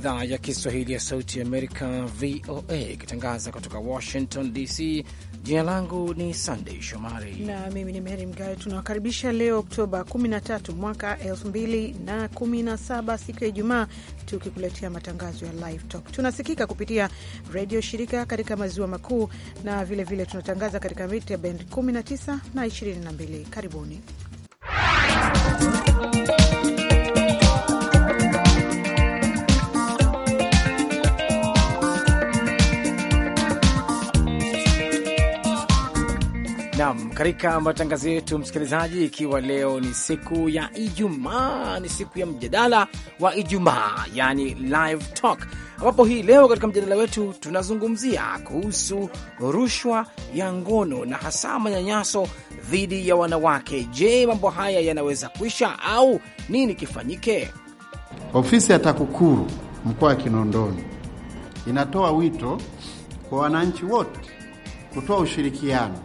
idhaa ya Kiswahili ya Sauti ya Amerika, VOA, ikitangaza kutoka Washington DC. Jina langu ni Sandey Shomari na mimi ni Meri Mgawe. Tunawakaribisha leo Oktoba 13 mwaka 2017 siku ya Ijumaa, tukikuletea matangazo ya Live Talk. Tunasikika kupitia redio shirika katika maziwa makuu na vilevile vile tunatangaza katika mita bendi 19 na 22. Karibuni katika matangazo yetu msikilizaji, ikiwa leo ni siku ya Ijumaa, ni siku ya mjadala wa Ijumaa, yani live talk, ambapo hii leo katika mjadala wetu tunazungumzia kuhusu rushwa ya ngono na hasa manyanyaso dhidi ya wanawake. Je, mambo haya yanaweza kuisha au nini kifanyike? Ofisi ya TAKUKURU mkoa wa Kinondoni inatoa wito kwa wananchi wote kutoa ushirikiano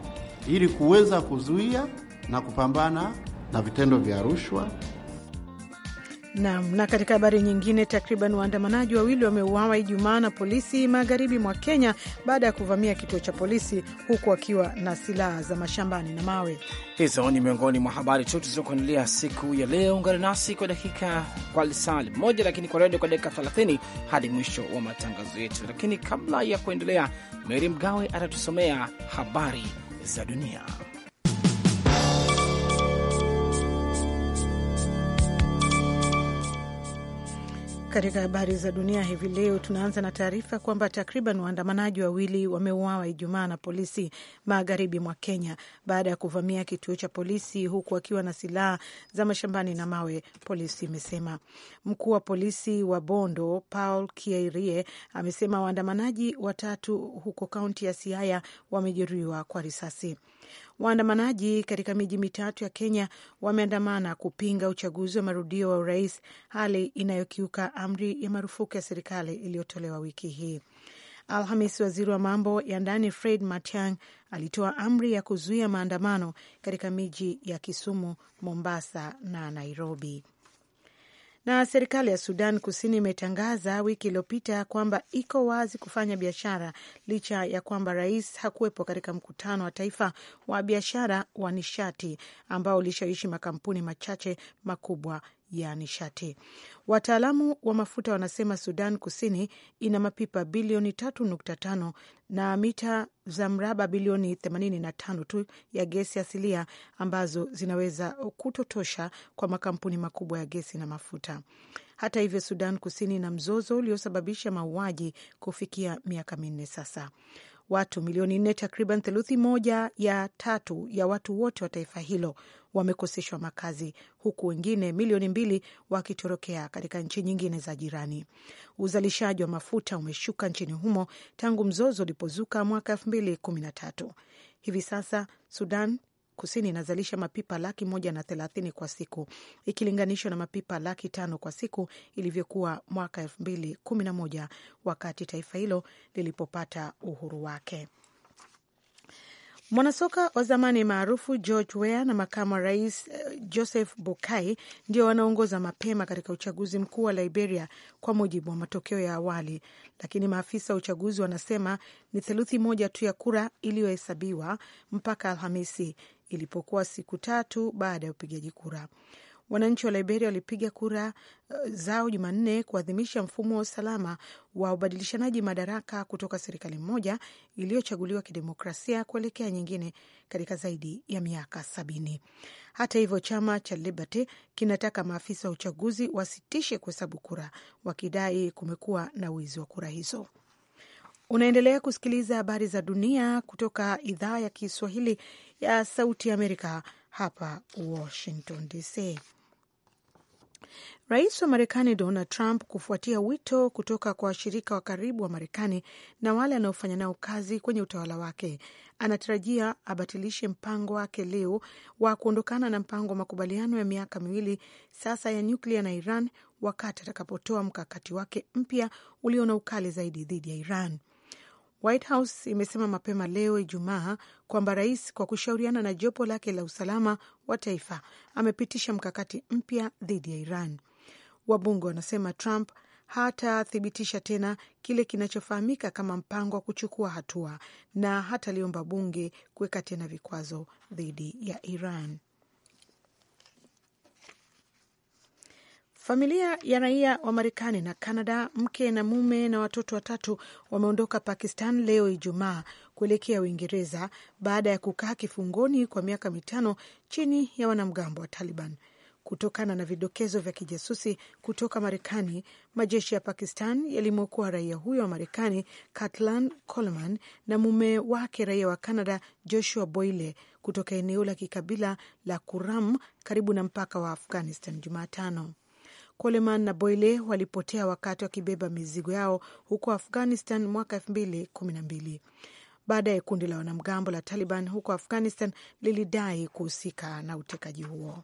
ili kuweza kuzuia na kupambana na vitendo vya rushwa. Naam. Na katika habari nyingine, takriban waandamanaji wawili wameuawa Ijumaa na polisi magharibi mwa Kenya baada ya kuvamia kituo cha polisi huku wakiwa na silaha za mashambani na mawe. Hizo ni miongoni mwa habari tu tulizokuandalia siku ya leo. Ungana nasi kwa dakika kwa saa moja, lakini kwa redio kwa dakika 30 hadi mwisho wa matangazo yetu. Lakini kabla ya kuendelea, Meri Mgawe atatusomea habari za dunia. Katika habari za dunia hivi leo, tunaanza na taarifa kwamba takriban waandamanaji wawili wameuawa Ijumaa na polisi magharibi mwa Kenya baada ya kuvamia kituo cha polisi huku wakiwa na silaha za mashambani na mawe, polisi imesema. Mkuu wa polisi wa Bondo Paul Kierie amesema waandamanaji watatu huko kaunti ya Siaya wamejeruhiwa kwa risasi. Waandamanaji katika miji mitatu ya Kenya wameandamana kupinga uchaguzi wa marudio wa urais, hali inayokiuka amri ya marufuku ya serikali iliyotolewa wiki hii. Alhamis, waziri wa mambo ya ndani Fred matiang alitoa amri ya kuzuia maandamano katika miji ya Kisumu, Mombasa na Nairobi. Na serikali ya Sudan Kusini imetangaza wiki iliyopita kwamba iko wazi kufanya biashara licha ya kwamba rais hakuwepo katika mkutano wa taifa wa biashara wa nishati ambao ulishawishi makampuni machache makubwa ya nishati. Wataalamu wa mafuta wanasema Sudan Kusini ina mapipa bilioni 3.5 na mita za mraba bilioni 85 tu ya gesi asilia ambazo zinaweza kutotosha kwa makampuni makubwa ya gesi na mafuta. Hata hivyo, Sudan Kusini na mzozo uliosababisha mauaji kufikia miaka minne sasa. Watu milioni nne, takriban theluthi moja ya tatu ya watu wote wa taifa hilo wamekoseshwa makazi huku wengine milioni mbili wakitorokea katika nchi nyingine za jirani. Uzalishaji wa mafuta umeshuka nchini humo tangu mzozo ulipozuka mwaka elfu mbili kumi na tatu. Hivi sasa Sudan Kusini inazalisha mapipa laki moja na thelathini kwa siku ikilinganishwa na mapipa laki tano kwa siku ilivyokuwa mwaka elfu mbili kumi na moja wakati taifa hilo lilipopata uhuru wake. Mwanasoka wa zamani maarufu George Weah na makamu wa rais eh, Joseph Boakai ndio wanaongoza mapema katika uchaguzi mkuu wa Liberia kwa mujibu wa matokeo ya awali, lakini maafisa wa uchaguzi wanasema ni theluthi moja tu ya kura iliyohesabiwa mpaka Alhamisi, ilipokuwa siku tatu baada ya upigaji kura. Wananchi wa Liberia walipiga kura uh, zao Jumanne kuadhimisha mfumo wa usalama wa ubadilishanaji madaraka kutoka serikali moja iliyochaguliwa kidemokrasia kuelekea nyingine katika zaidi ya miaka sabini. Hata hivyo, chama cha Liberty kinataka maafisa wa uchaguzi wasitishe kuhesabu kura, wakidai kumekuwa na wizi wa kura hizo. Unaendelea kusikiliza habari za dunia kutoka idhaa ya Kiswahili ya Sauti Amerika hapa Washington DC. Rais wa Marekani Donald Trump, kufuatia wito kutoka kwa washirika wa karibu wa Marekani na wale anaofanya nao kazi kwenye utawala wake, anatarajia abatilishe mpango wake leo wa kuondokana na mpango wa makubaliano ya miaka miwili sasa ya nyuklia na Iran wakati atakapotoa mkakati wake mpya ulio na ukali zaidi dhidi ya Iran. White House imesema mapema leo Ijumaa kwamba rais kwa kushauriana na jopo lake la usalama wa taifa amepitisha mkakati mpya dhidi ya Iran. Wabunge wanasema Trump hatathibitisha tena kile kinachofahamika kama mpango wa kuchukua hatua na hataliomba bunge kuweka tena vikwazo dhidi ya Iran. Familia ya raia wa Marekani na Kanada, mke na mume na watoto watatu, wameondoka Pakistan leo Ijumaa kuelekea Uingereza baada ya kukaa kifungoni kwa miaka mitano chini ya wanamgambo wa Taliban. Kutokana na vidokezo vya kijasusi kutoka Marekani, majeshi ya Pakistan yalimwokoa raia huyo wa Marekani Katlan Coleman na mume wake raia wa Canada Joshua Boyle kutoka eneo la kikabila la Kuram karibu na mpaka wa Afghanistan Jumatano. Coleman na Boyle walipotea wakati wakibeba mizigo yao huko Afghanistan mwaka elfu mbili kumi na mbili. Baadaye kundi la wanamgambo la Taliban huko Afghanistan lilidai kuhusika na utekaji huo.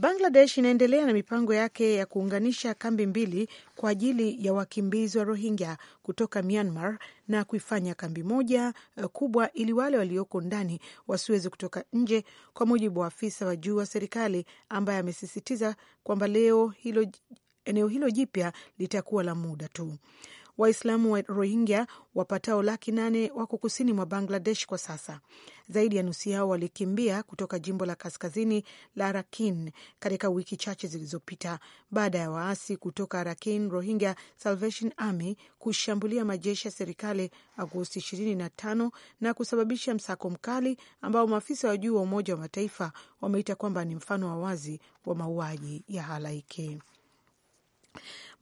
Bangladesh inaendelea na mipango yake ya kuunganisha kambi mbili kwa ajili ya wakimbizi wa Rohingya kutoka Myanmar na kuifanya kambi moja eh, kubwa ili wale walioko ndani wasiwezi kutoka nje, kwa mujibu wa afisa wa juu wa serikali ambaye amesisitiza kwamba leo hilo eneo hilo jipya litakuwa la muda tu. Waislamu wa Rohingya wapatao laki nane wako kusini mwa Bangladesh kwa sasa. Zaidi ya nusu yao walikimbia kutoka jimbo la kaskazini la Rakhine katika wiki chache zilizopita baada ya waasi kutoka Rakhine Rohingya Salvation Army kushambulia majeshi ya serikali Agosti 25 na kusababisha msako mkali ambao maafisa wa juu wa Umoja wa Mataifa wameita kwamba ni mfano wa wazi wa mauaji ya halaiki.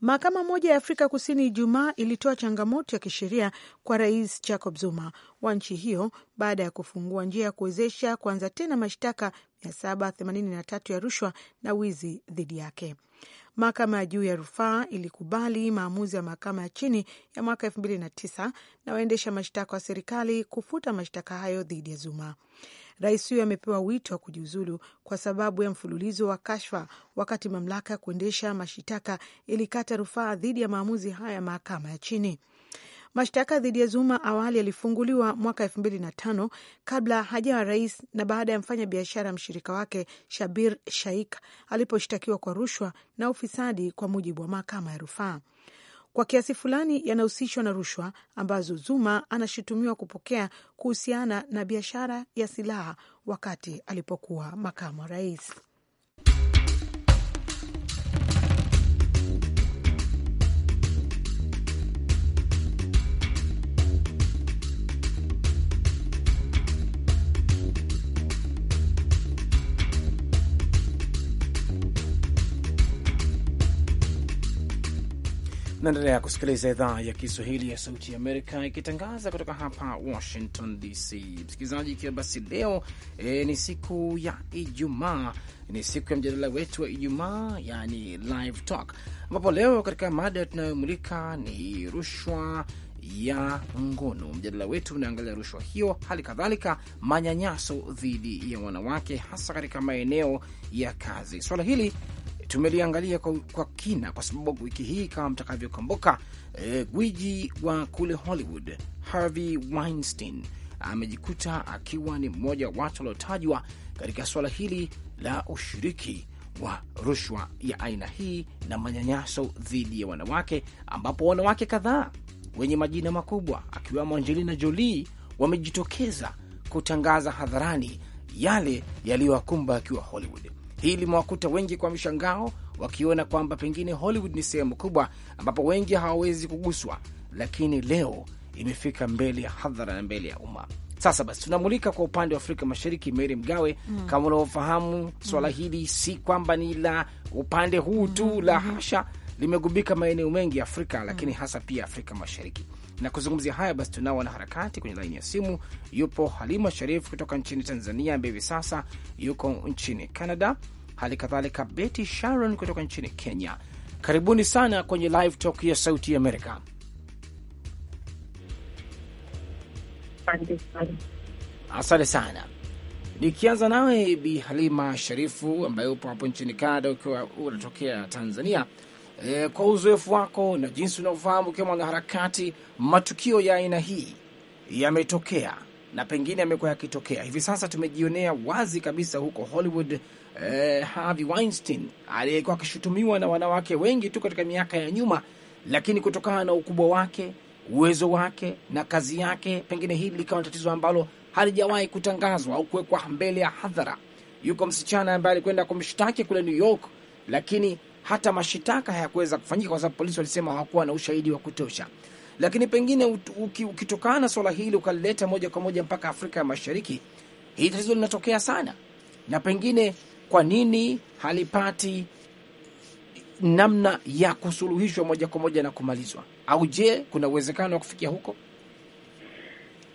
Mahakama moja ya Afrika Kusini Ijumaa ilitoa changamoto ya kisheria kwa Rais Jacob Zuma wa nchi hiyo baada ya kufungua njia ya kuwezesha kuanza tena mashtaka 783 ya rushwa na wizi dhidi yake. Mahakama ya juu ya rufaa ilikubali maamuzi ya mahakama ya chini ya mwaka 2009 na waendesha mashtaka wa serikali kufuta mashtaka hayo dhidi ya Zuma. Rais huyo amepewa wito wa kujiuzulu kwa sababu ya mfululizo wa kashfa, wakati mamlaka ya kuendesha mashitaka ilikata rufaa dhidi ya maamuzi haya ya mahakama ya chini. Mashtaka dhidi ya Zuma awali yalifunguliwa mwaka elfu mbili na tano kabla hajawa rais na baada ya mfanya biashara mshirika wake Shabir Shaik aliposhtakiwa kwa rushwa na ufisadi, kwa mujibu wa mahakama ya rufaa kwa kiasi fulani yanahusishwa na rushwa ambazo Zuma anashutumiwa kupokea kuhusiana na biashara ya silaha wakati alipokuwa makamu wa rais. Naendelea kusikiliza idhaa ya Kiswahili ya Sauti ya Amerika ikitangaza kutoka hapa Washington DC. Msikilizaji, ikiwa basi leo e, ni siku ya Ijumaa, ni siku ya mjadala wetu wa Ijumaa yani live talk, ambapo leo katika mada tunayomulika ni rushwa ya ngono. Mjadala wetu unaangalia rushwa hiyo, hali kadhalika manyanyaso dhidi ya wanawake, hasa katika maeneo ya kazi. Swala hili tumeliangalia kwa, kwa kina kwa sababu wiki hii kama mtakavyokumbuka, e, gwiji wa kule Hollywood Harvey Weinstein amejikuta akiwa ni mmoja wa watu waliotajwa katika suala hili la ushiriki wa rushwa ya aina hii na manyanyaso dhidi ya wanawake, ambapo wanawake kadhaa wenye majina makubwa akiwemo Angelina Jolie wamejitokeza kutangaza hadharani yale yaliyowakumba akiwa Hollywood. Hii limewakuta wengi kwa mshangao, wakiona kwamba pengine Hollywood ni sehemu kubwa ambapo wengi hawawezi kuguswa, lakini leo imefika mbele ya hadhara na mbele ya umma. Sasa basi, tunamulika kwa upande wa Afrika Mashariki. Meri Mgawe, mm. kama unavyofahamu swala mm. hili si kwamba ni la upande huu tu, la mm-hmm. hasha, limegubika maeneo mengi ya Afrika, lakini mm. hasa pia Afrika Mashariki. Na kuzungumzia haya basi, tunao wanaharakati kwenye laini ya simu. Yupo Halima Sharif kutoka nchini Tanzania ambaye hivi sasa yuko nchini Canada, hali kadhalika Betty Sharon kutoka nchini Kenya. Karibuni sana kwenye Live Talk ya Sauti Amerika. Asante sana. Nikianza nawe Bi Halima Sharifu, ambaye upo hapo nchini Canada ukiwa unatokea Tanzania, e, kwa uzoefu wako na jinsi unaofahamu ukiwa mwanaharakati, matukio ya aina hii yametokea na pengine yamekuwa yakitokea hivi sasa. Tumejionea wazi kabisa huko Hollywood e, Harvey Weinstein aliyekuwa akishutumiwa na wanawake wengi tu katika miaka ya nyuma, lakini kutokana na ukubwa wake, uwezo wake na kazi yake, pengine hili likawa tatizo ambalo halijawahi kutangazwa au kuwekwa mbele ya hadhara. Yuko msichana ambaye alikwenda kumshtaki kule New York, lakini hata mashitaka hayakuweza kufanyika kwa sababu polisi walisema hawakuwa na ushahidi wa kutosha. Lakini pengine ukitokana na swala hili ukalileta moja kwa moja mpaka Afrika ya Mashariki, hili tatizo linatokea sana, na pengine kwa nini halipati namna ya kusuluhishwa moja kwa moja na kumalizwa? Au je, kuna uwezekano wa kufikia huko?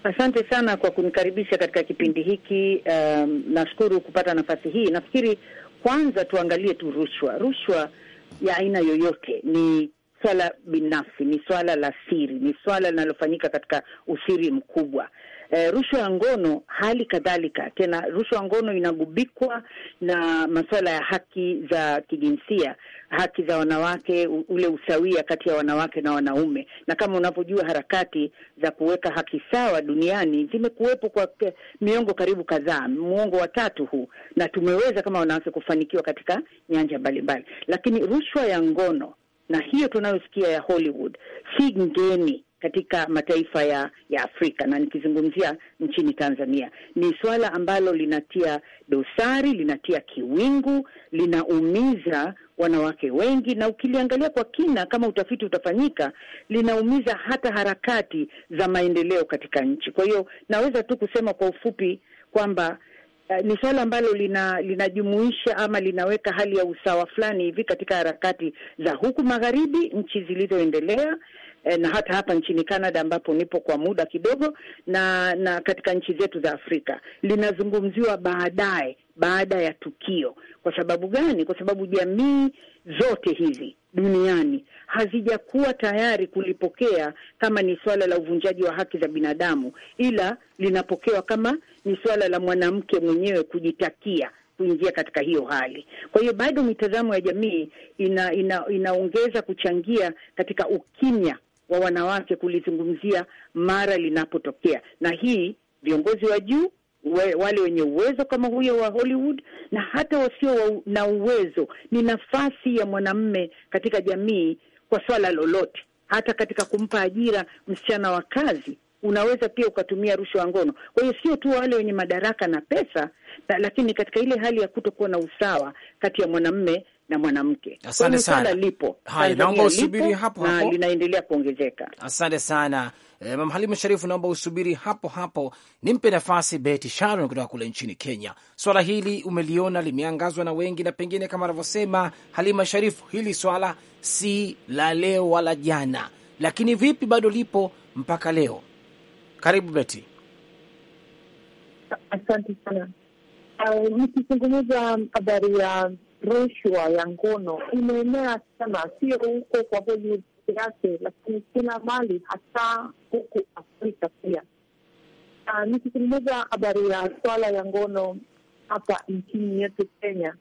Asante sana kwa kunikaribisha katika kipindi hiki. Um, nashukuru kupata nafasi hii. Nafikiri kwanza tuangalie tu rushwa. Rushwa ya aina yoyote ni swala binafsi, ni swala la siri, ni swala linalofanyika katika usiri mkubwa. E, rushwa ya ngono hali kadhalika. Tena rushwa ya ngono inagubikwa na masuala ya haki za kijinsia, haki za wanawake, ule usawia kati ya wanawake na wanaume. Na kama unavyojua harakati za kuweka haki sawa duniani zimekuwepo kwa miongo karibu kadhaa, muongo wa tatu huu, na tumeweza kama wanawake kufanikiwa katika nyanja mbalimbali, lakini rushwa ya ngono na hiyo tunayosikia ya Hollywood si ngeni katika mataifa ya, ya Afrika na nikizungumzia nchini Tanzania, ni suala ambalo linatia dosari, linatia kiwingu, linaumiza wanawake wengi, na ukiliangalia kwa kina, kama utafiti utafanyika, linaumiza hata harakati za maendeleo katika nchi. Kwa hiyo naweza tu kusema kwa ufupi kwamba Uh, ni suala ambalo lina, linajumuisha ama linaweka hali ya usawa fulani hivi katika harakati za huku magharibi, nchi zilizoendelea e, na hata hapa nchini Canada ambapo nipo kwa muda kidogo, na na katika nchi zetu za Afrika linazungumziwa baadaye, baada ya tukio. Kwa sababu gani? Kwa sababu jamii zote hizi duniani hazijakuwa tayari kulipokea kama ni swala la uvunjaji wa haki za binadamu, ila linapokewa kama ni swala la mwanamke mwenyewe kujitakia kuingia katika hiyo hali. Kwa hiyo bado mitazamo ya jamii ina, ina, inaongeza kuchangia katika ukimya wa wanawake kulizungumzia mara linapotokea, na hii viongozi wa juu we, wale wenye uwezo kama huyo wa Hollywood na hata wasio wa, na uwezo, ni nafasi ya mwanamme katika jamii kwa swala lolote, hata katika kumpa ajira msichana wa kazi unaweza pia ukatumia rushwa ya ngono. Kwa hiyo sio tu wale wenye madaraka na pesa na, lakini katika ile hali ya kutokuwa na usawa kati ya mwanamme na mwanamke. Asante sana, lipo hai, naomba usubiri hapo hapo na linaendelea kuongezeka. Asante sana eh, Mama Halima Sharifu, naomba usubiri hapo hapo, nimpe nafasi Betty Sharon kutoka kule nchini Kenya. Swala hili umeliona limeangazwa na wengi, na pengine kama anavyosema Halima Sharifu, hili swala si la leo wala jana, lakini vipi bado lipo mpaka leo. Karibu Betty. Asante sana. Uh, nikizungumza habari ya rushwa ya ngono imeenea sana, sio huko kwa Hollywood yake, lakini kila mali, hasa huku Afrika pia. Nikizungumza habari ya swala ya ngono hapa nchini yetu Kenya,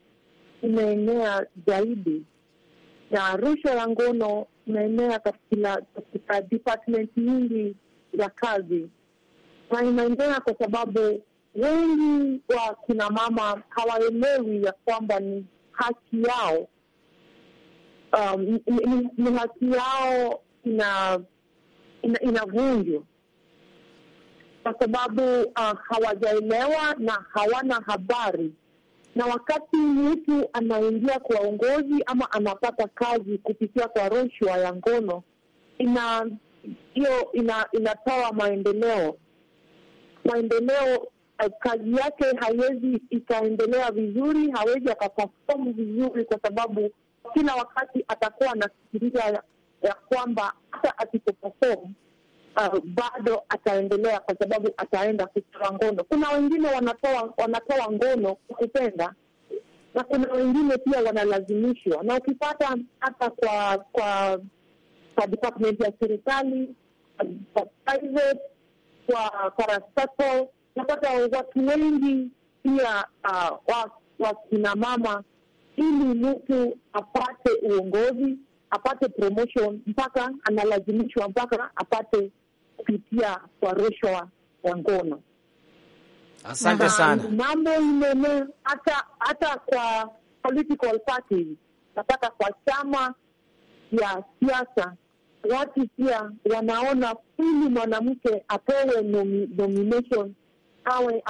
imeenea zaidi na rushwa ya ngono imeenea katika department nyingi ya kazi, na inaenea kwa sababu wengi wa kina mama hawaelewi ya kwamba ni haki yao um, ni, ni haki yao ina inavunjwa ina kwa sababu uh, hawajaelewa na hawana habari. Na wakati mtu anaingia kwa uongozi ama anapata kazi kupitia kwa rushwa ya ngono, ina hiyo inatoa maendeleo maendeleo kazi yake haiwezi ikaendelea vizuri, hawezi akapafomu vizuri, kwa sababu kila wakati atakuwa anafikiria ya, ya kwamba hata asipopafomu uh, bado ataendelea, kwa sababu ataenda kutoa ngono. Kuna wengine wanatoa wanatoa ngono kwa kupenda na kuna wengine pia wanalazimishwa, na ukipata hata kwa kwa kwa department ya serikali, kwa private, kwa parastatal napata watu wengi pia uh, wakinamama, ili mtu apate uongozi apate promotion, mpaka analazimishwa mpaka apate kupitia kwa rushwa ya ngono. Asante sana. Mambo imene hata hata kwa political napata kwa chama ya siasa watu pia wanaona ili mwanamke apewe nomination awe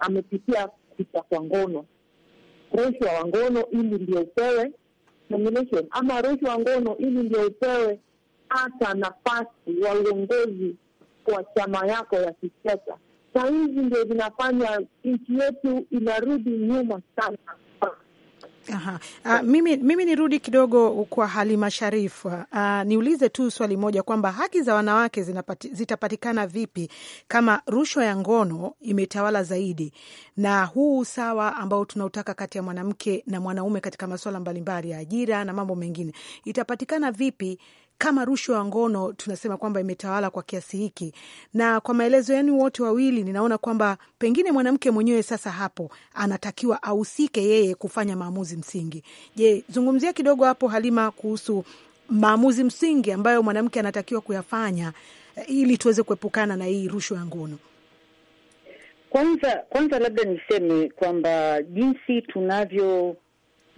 amepitia vita kwa ngono, rushwa wa ngono, ili ndio upewe nomination ama rushwa wa ngono, ili ndio upewe hata nafasi ya uongozi kwa chama yako ya kisiasa. Saa hizi ndio zinafanya nchi yetu inarudi nyuma sana. Aha. Uh, mimi, mimi nirudi kidogo kwa Halima Sharif. uh, niulize tu swali moja kwamba haki za wanawake zinapati, zitapatikana vipi kama rushwa ya ngono imetawala zaidi na huu usawa ambao tunautaka kati ya mwanamke na mwanaume katika masuala mbalimbali ya ajira na mambo mengine itapatikana vipi kama rushwa ya ngono tunasema kwamba imetawala kwa kiasi hiki. Na kwa maelezo yenu wote wawili, ninaona kwamba pengine mwanamke mwenyewe sasa hapo anatakiwa ahusike yeye kufanya maamuzi msingi. Je, zungumzia kidogo hapo Halima kuhusu maamuzi msingi ambayo mwanamke anatakiwa kuyafanya eh, ili tuweze kuepukana na hii rushwa ya ngono. Kwanza kwanza, labda niseme kwamba jinsi tunavyo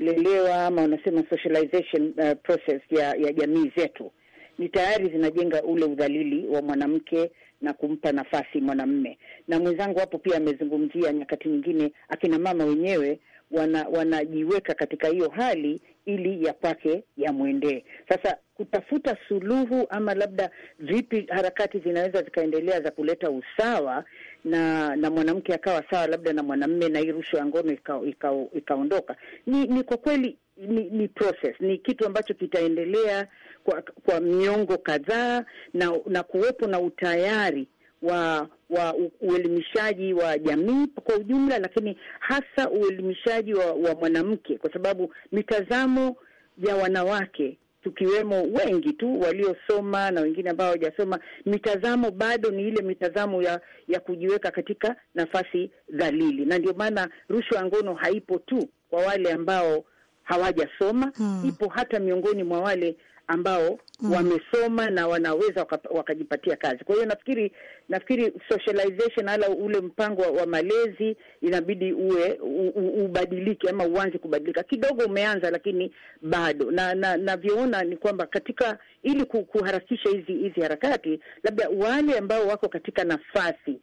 kulelewa ama unasema socialization uh, process ya ya jamii zetu ni tayari zinajenga ule udhalili wa mwanamke na kumpa nafasi mwanamme. Na mwenzangu hapo pia amezungumzia nyakati nyingine akina mama wenyewe wana, wanajiweka katika hiyo hali ili ya kwake yamwendee. Sasa kutafuta suluhu ama labda vipi harakati zinaweza zikaendelea za kuleta usawa na na mwanamke akawa sawa labda na mwanamme na hii rushwa ya ngono ikaondoka ika, ika ni ni kwa kweli ni, ni process ni kitu ambacho kitaendelea kwa kwa miongo kadhaa na na kuwepo na utayari wa wa uelimishaji wa jamii kwa ujumla, lakini hasa uelimishaji wa, wa mwanamke, kwa sababu mitazamo ya wanawake tukiwemo wengi tu waliosoma na wengine ambao hawajasoma, mitazamo bado ni ile mitazamo ya ya kujiweka katika nafasi dhalili, na ndio maana rushwa ya ngono haipo tu kwa wale ambao hawajasoma hmm. Ipo hata miongoni mwa wale ambao mm. wamesoma na wanaweza waka, wakajipatia kazi. Kwa hiyo nafikiri nafikiri socialization ala ule mpango wa, wa malezi inabidi uwe u, u, ubadilike ama uanze kubadilika kidogo. Umeanza lakini bado na navyoona na ni kwamba katika ili kuharakisha hizi hizi harakati, labda wale ambao wako katika nafasi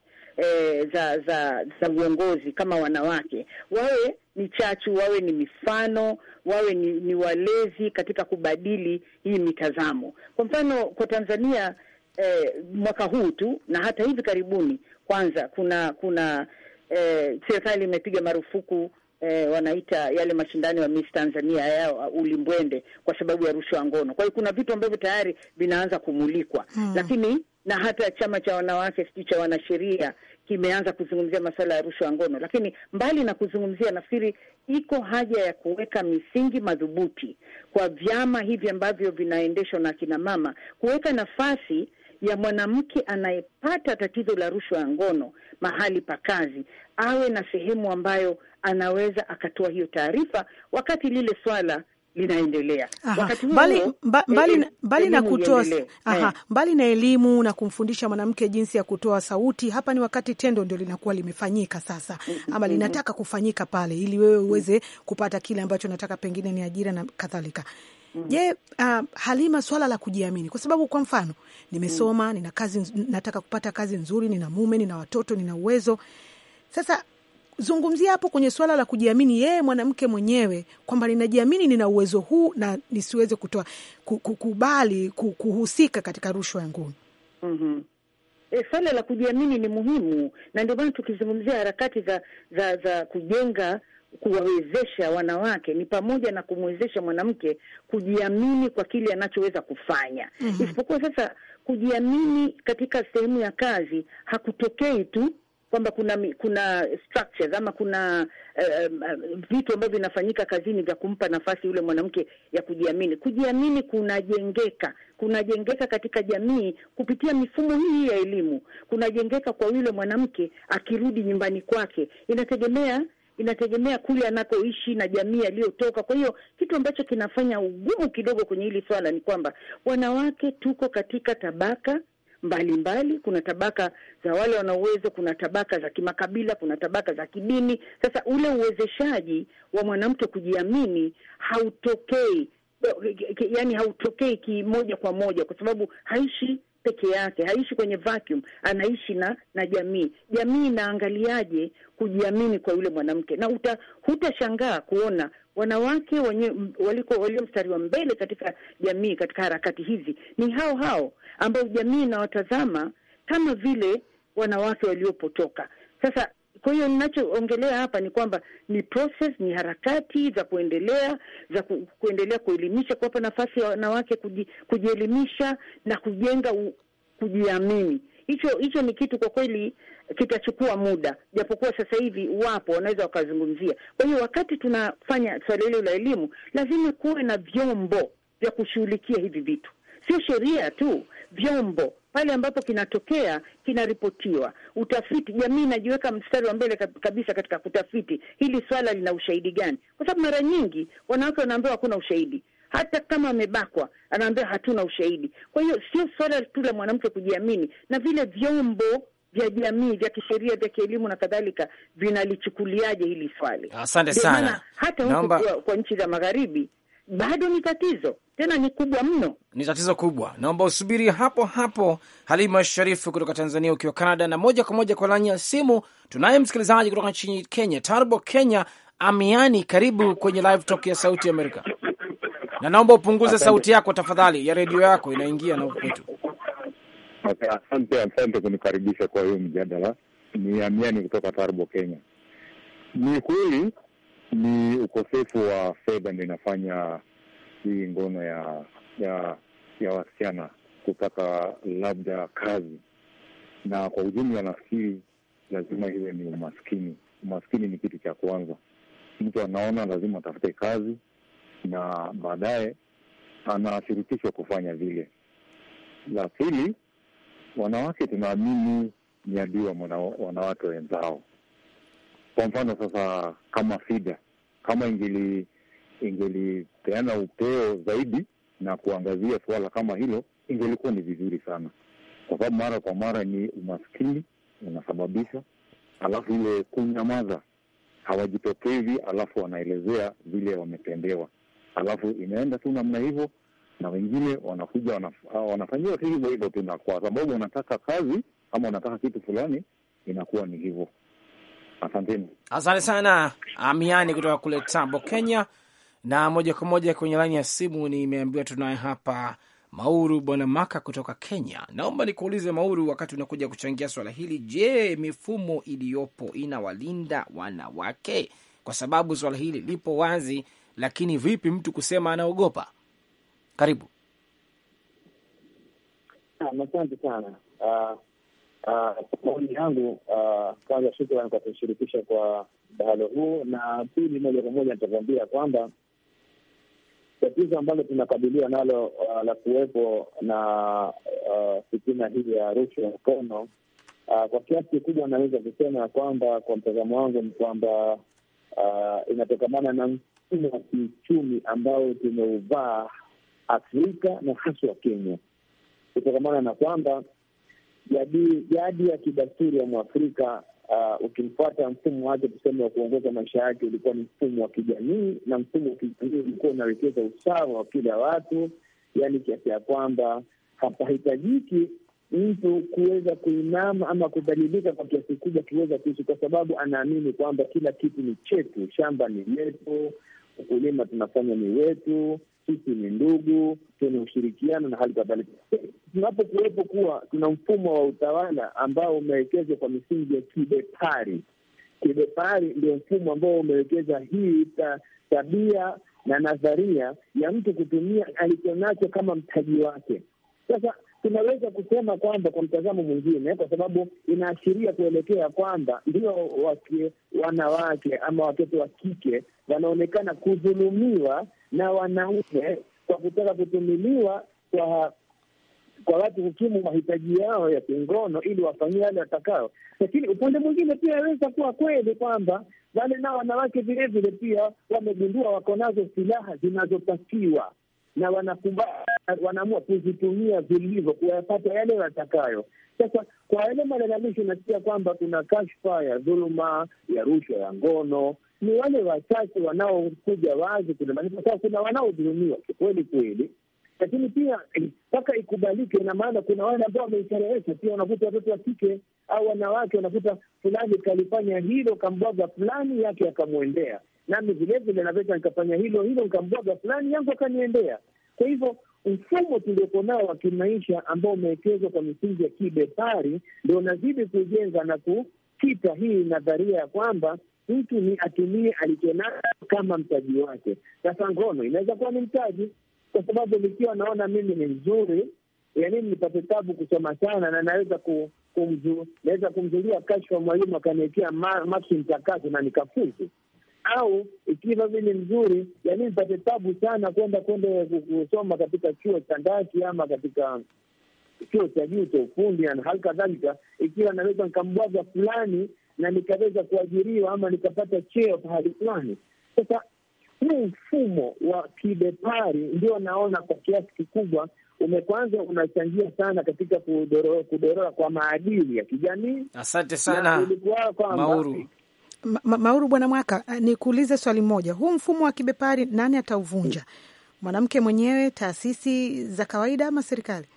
E, za za za uongozi kama wanawake wawe ni chachu, wawe ni mifano, wawe ni, ni walezi katika kubadili hii mitazamo. Kwa mfano kwa Tanzania eh, mwaka huu tu na hata hivi karibuni, kwanza kuna kuna eh, serikali imepiga marufuku eh, wanaita yale mashindano ya Miss Tanzania ya ulimbwende kwa sababu ya rushwa ngono. Kwa hiyo kuna vitu ambavyo tayari vinaanza kumulikwa hmm. Lakini na hata chama cha wanawake sijui cha wanasheria kimeanza kuzungumzia masuala ya rushwa ya ngono. Lakini mbali na kuzungumzia, nafikiri iko haja ya kuweka misingi madhubuti kwa vyama hivi ambavyo vinaendeshwa na akina mama, kuweka nafasi ya mwanamke anayepata tatizo la rushwa ya ngono mahali pa kazi awe na sehemu ambayo anaweza akatoa hiyo taarifa, wakati lile swala linaendelea mbali, mbali na kutoa aha, eh. mbali na elimu na kumfundisha mwanamke jinsi ya kutoa sauti, hapa ni wakati tendo ndio linakuwa limefanyika sasa ama linataka kufanyika pale, ili wewe uweze kupata kile ambacho nataka, pengine ni ajira na kadhalika. Mm. Je, uh, Halima, swala la kujiamini, kwa sababu kwa mfano nimesoma, mm. nina kazi, nataka kupata kazi nzuri, nina mume, nina watoto, nina uwezo sasa zungumzia hapo kwenye suala la kujiamini yeye mwanamke mwenyewe kwamba ninajiamini, nina uwezo huu na nisiweze kutoa kukubali kuhusika katika rushwa ya nguni. mm -hmm. E, eh, swala la kujiamini ni muhimu, na ndio maana tukizungumzia harakati za za za kujenga kuwawezesha wanawake ni pamoja na kumwezesha mwanamke kujiamini kwa kile anachoweza kufanya. mm -hmm. Isipokuwa sasa kujiamini katika sehemu ya kazi hakutokei tu kwamba kuna kuna structures ama kuna uh, vitu ambavyo vinafanyika kazini vya kumpa nafasi yule mwanamke ya kujiamini. Kujiamini kunajengeka, kunajengeka katika jamii kupitia mifumo hii ya elimu, kunajengeka kwa yule mwanamke akirudi nyumbani kwake. Inategemea inategemea kule anakoishi na jamii aliyotoka. Kwa hiyo kitu ambacho kinafanya ugumu kidogo kwenye hili swala ni kwamba wanawake tuko katika tabaka mbalimbali mbali. Kuna tabaka za wale wana uwezo, kuna tabaka za kimakabila, kuna tabaka za kidini. Sasa ule uwezeshaji wa mwanamke kujiamini hautokei, yani hautokei kimoja kwa moja, kwa sababu haishi peke yake, haishi kwenye vacuum, anaishi na na jamii. Jamii inaangaliaje kujiamini kwa yule mwanamke, na uta, hutashangaa kuona wanawake waliko walio mstari wa mbele katika jamii katika harakati hizi ni hao hao ambao jamii inawatazama kama vile wanawake waliopotoka. Sasa kwa hiyo ninachoongelea hapa ni kwamba ni process, ni harakati za kuendelea za ku, kuendelea kuelimisha, kuwapa nafasi ya wanawake kuji, kujielimisha na kujenga u, kujiamini. Hicho hicho ni kitu kwa kweli kitachukua muda, japokuwa sasa hivi wapo wanaweza wakazungumzia. Kwa hiyo wakati tunafanya swala hilo la elimu, lazima kuwe na vyombo vya kushughulikia hivi vitu, sio sheria tu, vyombo pale ambapo kinatokea kinaripotiwa, utafiti. Jamii inajiweka mstari wa mbele kabisa katika kutafiti hili swala lina ushahidi gani, kwa sababu mara nyingi wanawake wanaambiwa hakuna ushahidi hata kama amebakwa anaambia hatuna ushahidi. Kwa hiyo sio swala tu la mwanamke kujiamini, na vile vyombo vya jamii vya kisheria vya kielimu na kadhalika vinalichukuliaje hili swali? Asante sana. Hata Naomba... kwa, kwa nchi za magharibi bado ni tatizo, tena ni kubwa mno, ni tatizo kubwa. Naomba usubiri hapo hapo. Halima Sharifu kutoka Tanzania ukiwa Canada. Na moja kwa moja kwa laini ya simu tunaye msikilizaji kutoka nchini Kenya, Tarbo Kenya. Amiani, karibu kwenye live talk ya Sauti Amerika, na naomba upunguze sauti yako tafadhali, ya redio yako inaingia na kwetu Asante, asante kunikaribisha kwa hiyo mjadala. Ni Amiani kutoka Tarbo, Kenya. Ni kweli ni ukosefu wa fedha ndio inafanya hii ngono ya ya ya wasichana kutaka labda kazi, na kwa ujumla nafikiri lazima iwe ni umaskini. Umaskini ni kitu cha kwanza. Mtu anaona lazima atafute kazi na baadaye anashirikishwa kufanya vile. La pili wanawake tunaamini ni adui wa wanawake wenzao. Kwa mfano sasa, kama FIDA kama ingelipeana upeo zaidi na kuangazia suala kama hilo, ingelikuwa ni vizuri sana, kwa sababu mara kwa mara ni umaskini unasababisha, alafu ile kunyamaza, hawajitokezi, alafu wanaelezea vile wametendewa, alafu inaenda tu namna hivyo na wengine wanakuja ah, wanafanyiwa tu hivyo hivyo tena, kwa sababu wanataka kazi ama wanataka kitu fulani, inakuwa ni hivyo. Asanteni, asante sana Amiani kutoka kule Tambo, Kenya. Na moja kwa moja kwenye laini ya simu nimeambiwa tunaye hapa Mauru Bwana Maka kutoka Kenya. Naomba nikuulize Mauru, wakati unakuja kuchangia swala hili, je, mifumo iliyopo inawalinda wanawake? Kwa sababu swala hili lipo wazi, lakini vipi mtu kusema anaogopa? Karibu. Asante sana. Ah, ah, maoni yangu ah, kwanza, shukran kwa kushirikisha kwa mdahalo huu, na pili, moja kwa moja nitakuambia kwamba tatizo ambalo tunakabiliwa nalo uh, la kuwepo na fitina uh, hii ya rushwa ya mkono uh, kwa kiasi kikubwa naweza kusema ya kwamba kwa mtazamo wangu ni kwamba uh, inatokamana na mfumo wa kiuchumi ambao tumeuvaa Afrika na wa Kenya, kutokamana na kwamba jadi ya kidasturi ya Mwafrika uh, ukimfuata mfumo wake tuseme wa kuongoza maisha yake ulikuwa ni mfumo wa kijamii, na mfumo wa kijamii ulikuwa unawekeza usawa wa kila watu, yaani kiasi ya kwamba hapahitajiki mtu kuweza kuinama ama kudhalilika kwa kiasi kubwa kiweza kuishi, kwa sababu anaamini kwamba kila kitu ni chetu, shamba ni letu, ukulima tunafanya ni wetu sisi ni ndugu, tuna ushirikiano na hali kadhalika. Tunapokuwepo kuwa tuna mfumo wa utawala ambao umewekezwa kwa misingi ya kibepari. Kibepari ndio mfumo ambao umewekeza hii ta, tabia na nadharia ya mtu kutumia alichonacho kama mtaji wake. Sasa tunaweza kusema kwamba kwa mtazamo mwingine, kwa sababu inaashiria kuelekea kwamba ndio wanawake ama watoto wa kike wanaonekana kudhulumiwa na wanaume kwa kutaka kutumiliwa kwa kwa watu hukimu mahitaji yao ya kingono ili wafanyie yale watakao. Lakini upande mwingine pia yaweza kuwa kweli kwamba wale nao wanawake vilevile pia wamegundua wako nazo silaha zinazotakiwa na wanakubali wanaamua kuzitumia vilivyo, kuyapata yale watakayo. Sasa kwa yale malalamishi, nasikia kwamba kuna kashfa ya dhuluma, ya rushwa, ya ngono. Ni wale wachache wanaokuja wazi kunamaanisha kwa kuna wanaodhulumiwa kweli kweli, lakini pia eh, mpaka ikubalike. Ina maana kuna wale ambao wameisherehesha pia, wanakuta watoto wa kike au wanawake, wanakuta fulani kalifanya hilo, kambwaga fulani yake akamwendea, nami vilevile naveta nikafanya hilo hilo, nkambwaga fulani yangu akaniendea. Kwa hivyo mfumo tulioko nao wa kimaisha ambao umewekezwa kwa misingi ya kibepari ndo unazidi kujenga na kukita hii nadharia ya kwamba mtu ni atumie alichonacho kama mtaji wake. Sasa ngono inaweza kuwa ni mtaji, kwa sababu nikiwa naona mimi ni mzuri, ya nipate tabu kusoma sana na naweza ku, kumzu, naweza kumzulia kashfa mwalimu akaniwekea maksi mtakazo na nikafuzu au ikiva vile mzuri, yani nipate tabu sana kwenda kwenda kusoma katika chuo cha ndaki ama katika chuo cha juu cha ufundi na hali kadhalika, ikiwa naweza nikambwaga fulani na nikaweza kuajiriwa ama nikapata cheo pahali fulani. Sasa huu mfumo wa kibepari ndio naona kwa kiasi kikubwa umekwanza unachangia sana katika kudorora, kwa maadili ya kijamii. Asante sana Ma Mauru Bwana Mwaka, eh, nikuulize swali moja, huu mfumo wa kibepari nani atauvunja? Mwanamke mwenyewe, taasisi za kawaida ama serikali?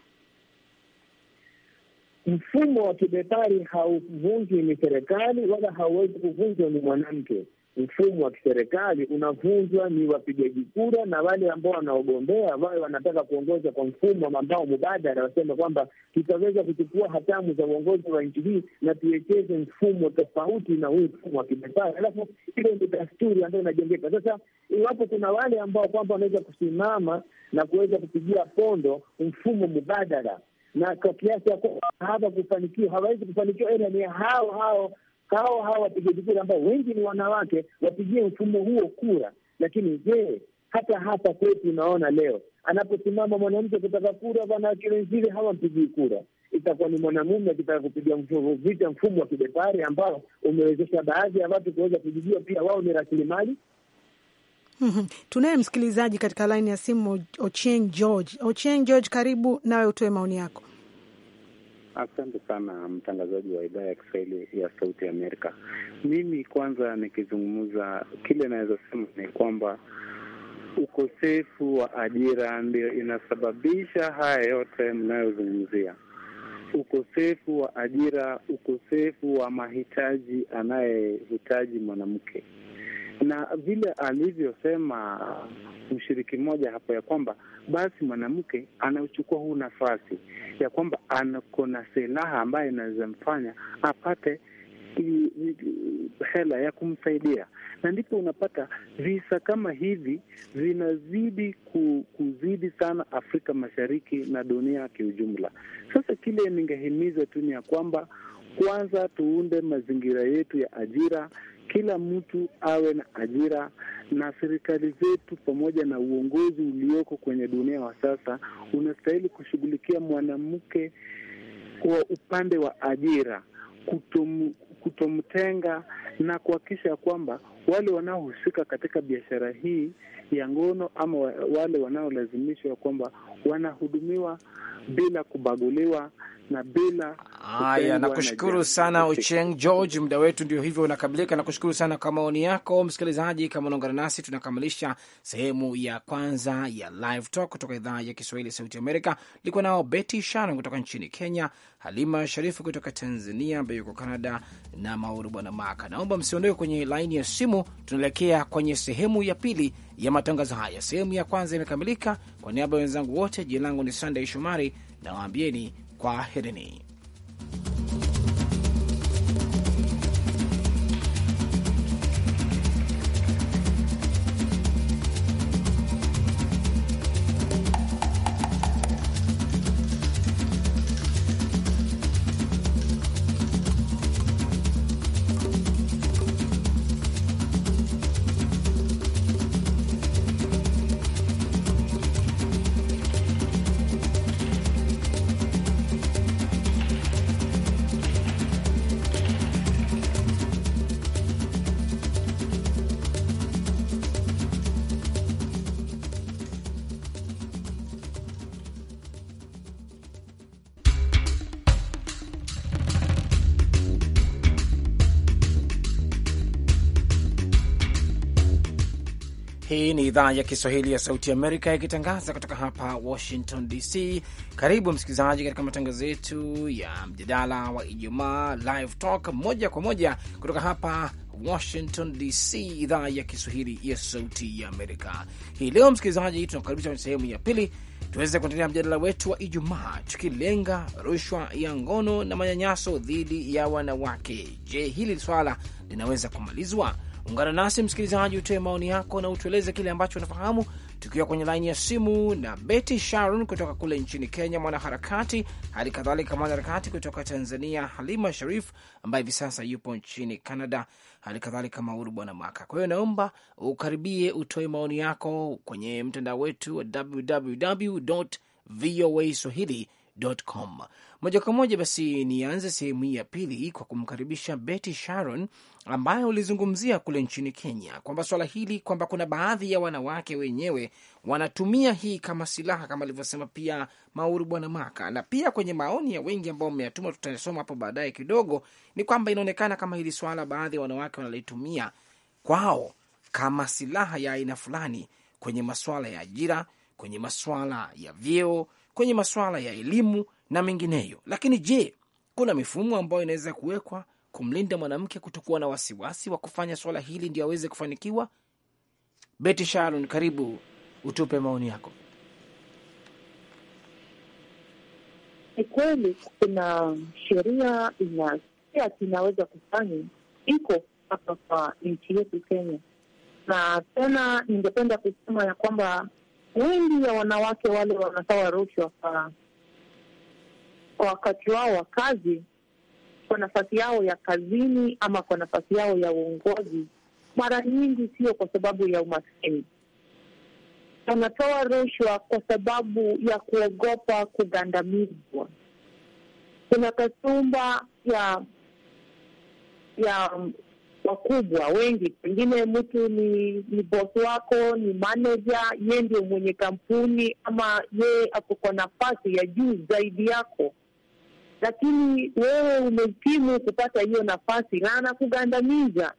Mfumo wa kibepari hauvunji ni serikali, wala hauwezi kuvunjwa ni mwanamke mfumo wa kiserikali unavunjwa ni wapigaji kura na wale ambao wanaogombea wawe wanataka kuongoza kwa mfumo ambao mubadala, waseme kwamba tutaweza kuchukua hatamu za uongozi wa nchi hii na tuwekeze mfumo tofauti na huu mfumo wa kibepari. Alafu ile ni dasturi ambayo inajengeka sasa. Iwapo kuna wale ambao kwamba wanaweza kusimama na kuweza kupigia pondo mfumo mubadala, na kwa kiasi ya kwamba hawa kufanikiwa hawawezi kufanikiwa, ila ni hao hao hao hawa wapigaji kura ambao wengi ni wanawake wapigie mfumo huo kura. Lakini je, hata hapa kwetu unaona leo anaposimama mwanamke kutaka kura, wanawake wenzile hawampigii kura. Itakuwa ni mwanamume akitaka kupiga vita mfumo wa kibepari ambao umewezesha baadhi ya watu kuweza kujijua pia wao ni rasilimali. Mm -hmm. Tunaye msikilizaji katika laini ya simu Ochieng George. Ochieng George, karibu nawe utoe maoni yako. Asante sana mtangazaji wa idhaa ya Kiswahili ya Sauti Amerika. Mimi kwanza nikizungumza, kile naweza sema ni kwamba ukosefu wa ajira ndio inasababisha haya yote mnayozungumzia: ukosefu wa ajira, ukosefu wa mahitaji anayehitaji mwanamke na vile alivyosema mshiriki mmoja hapo ya kwamba basi mwanamke anachukua huu nafasi ya kwamba anako na silaha ambayo inaweza mfanya apate hela ya kumsaidia, na ndipo unapata visa kama hivi vinazidi ku, kuzidi sana Afrika Mashariki na dunia kiujumla. Sasa kile ningehimiza tu ni ya kwamba kwanza tuunde mazingira yetu ya ajira kila mtu awe na ajira, na serikali zetu pamoja na uongozi ulioko kwenye dunia wa sasa unastahili kushughulikia mwanamke kwa upande wa ajira, kutum, kutomtenga na kuhakikisha kwamba wale wanaohusika katika biashara hii ya ngono ama wale wanaolazimishwa kwamba wanahudumiwa bila kubaguliwa na bila. Haya, nakushukuru sana Ucheng George, muda wetu ndio hivyo unakamilika. Nakushukuru sana kwa maoni yako. Msikilizaji, kama unaungana nasi, tunakamilisha sehemu ya kwanza ya Live Talk kutoka idhaa ya Kiswahili ya Sauti Amerika. Nilikuwa nao Betty Sharon kutoka nchini Kenya, Halima Sharifu kutoka Tanzania ambaye yuko Canada na Mauru Bwana Maka. Naomba msiondoke kwenye laini ya simu, tunaelekea kwenye sehemu ya pili ya matangazo haya. Sehemu ya kwanza imekamilika. Kwa niaba ya wenzangu wote, jina langu ni Sandey Shomari na waambieni herini. Hii ni idhaa ya Kiswahili ya Sauti Amerika ikitangaza kutoka hapa Washington DC. Karibu msikilizaji, katika matangazo yetu ya mjadala wa Ijumaa, Live Talk, moja kwa moja kutoka hapa Washington DC, idhaa ya Kiswahili ya Sauti ya Amerika. Hii leo msikilizaji, tunakukaribisha kwenye sehemu ya pili tuweze kuendelea mjadala wetu wa Ijumaa tukilenga rushwa ya ngono na manyanyaso dhidi ya wanawake. Je, hili swala linaweza kumalizwa? Ungana nasi msikilizaji, utoe maoni yako na utueleze kile ambacho unafahamu, tukiwa kwenye laini ya simu na Betty Sharon kutoka kule nchini Kenya, mwanaharakati, hali kadhalika mwanaharakati kutoka Tanzania Halima Sharif ambaye hivi sasa yupo nchini Canada, hali kadhalika Mauru Bwana Maka. Kwa hiyo naomba ukaribie, utoe maoni yako kwenye mtandao wetu wa www voa swahili com. Moja kwa moja basi nianze sehemu hii ya pili kwa kumkaribisha Betty Sharon ambaye ulizungumzia kule nchini Kenya kwamba swala hili kwamba kuna baadhi ya wanawake wenyewe wanatumia hii kama silaha kama alivyosema pia Mauru Bwana Maka, na pia kwenye maoni ya wengi ambao mmeyatuma, tutasoma hapo baadaye kidogo, ni kwamba inaonekana kama hili swala baadhi ya wanawake wanalitumia kwao kama silaha ya aina fulani kwenye maswala ya ajira, kwenye maswala ya vyeo kwenye masuala ya elimu na mengineyo. Lakini je, kuna mifumo ambayo inaweza kuwekwa kumlinda mwanamke kutokuwa na wasiwasi wa kufanya swala hili ndio aweze kufanikiwa? Beti Sharon, karibu utupe maoni yako. Ni kweli kuna sheria inasia inaweza kufanya iko hapa kwa nchi yetu Kenya, na tena ningependa kusema ya kwamba wengi ya wanawake wale wanatoa rushwa kwa wakati wao wa kazi, kwa nafasi yao ya kazini ama kwa nafasi yao ya uongozi. Mara nyingi sio kwa sababu ya umaskini, wanatoa rushwa kwa sababu ya kuogopa kugandamizwa. Kuna kasumba ya ya wakubwa wengi, pengine mtu ni ni bos wako, ni manaja, ye ndio mwenye kampuni, ama yeye ako kwa nafasi ya juu zaidi yako, lakini wewe umekimu kupata hiyo nafasi na anakugandamiza.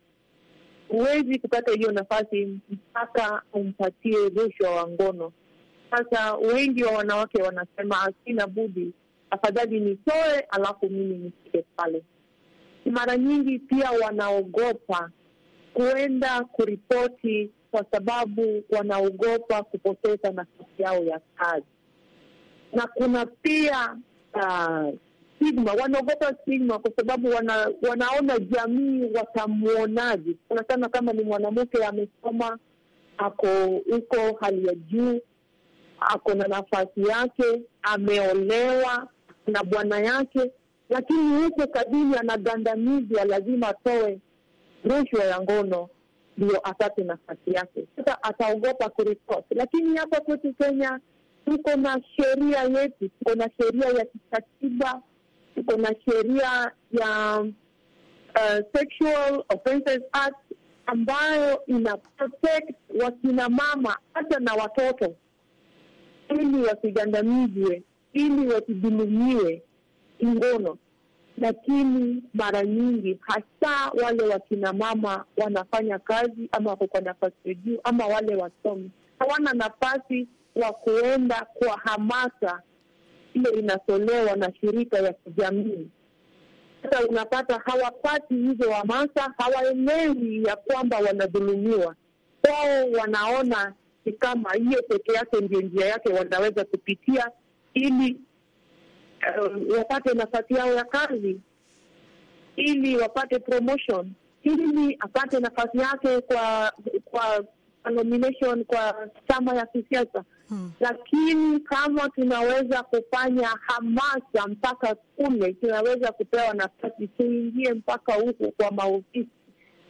Huwezi kupata hiyo nafasi mpaka umpatie rushwa wa ngono. Sasa wengi wa wanawake wanasema, asina budi, afadhali nitoe alafu mimi nifike pale mara nyingi pia wanaogopa kuenda kuripoti kwa sababu wanaogopa kupoteza nafasi yao ya kazi, na kuna pia uh, stigma. Wanaogopa stigma kwa sababu wana, wanaona jamii watamwonaje, sana sana kama ni mwanamke amesoma, ako huko hali ya juu, ako na nafasi yake, ameolewa na bwana yake lakini yote anagandamizi anagandamizwa, lazima atoe rushwa ya ngono ndio apate nafasi yake. Sasa ataogopa kuripoti, lakini hapa kwetu Kenya tuko na sheria yetu, tuko na sheria ya kikatiba, tuko na sheria ya uh, Sexual Offences Act ambayo ina protect wakina mama hata na watoto, ili wasigandamizwe, ili wasidhulumiwe ngono, lakini mara nyingi hasa wale wakina mama wanafanya kazi ama wako kwa nafasi ya juu ama wale wasomi hawana nafasi wa kuenda kwa hamasa ile inatolewa na shirika ya kijamii. Sasa unapata hawapati hizo hamasa, hawaelewi ya kwamba wanadhulumiwa. Kwao wanaona ni kama hiyo peke yake ndio njia yake wanaweza kupitia ili uh, wapate nafasi yao ya kazi ili wapate promotion, ili apate nafasi yake kwa kwa nomination kwa chama ya kisiasa hmm. Lakini kama tunaweza kufanya hamasa mpaka kule, tunaweza kupewa nafasi, tuingie mpaka huku kwa maofisi,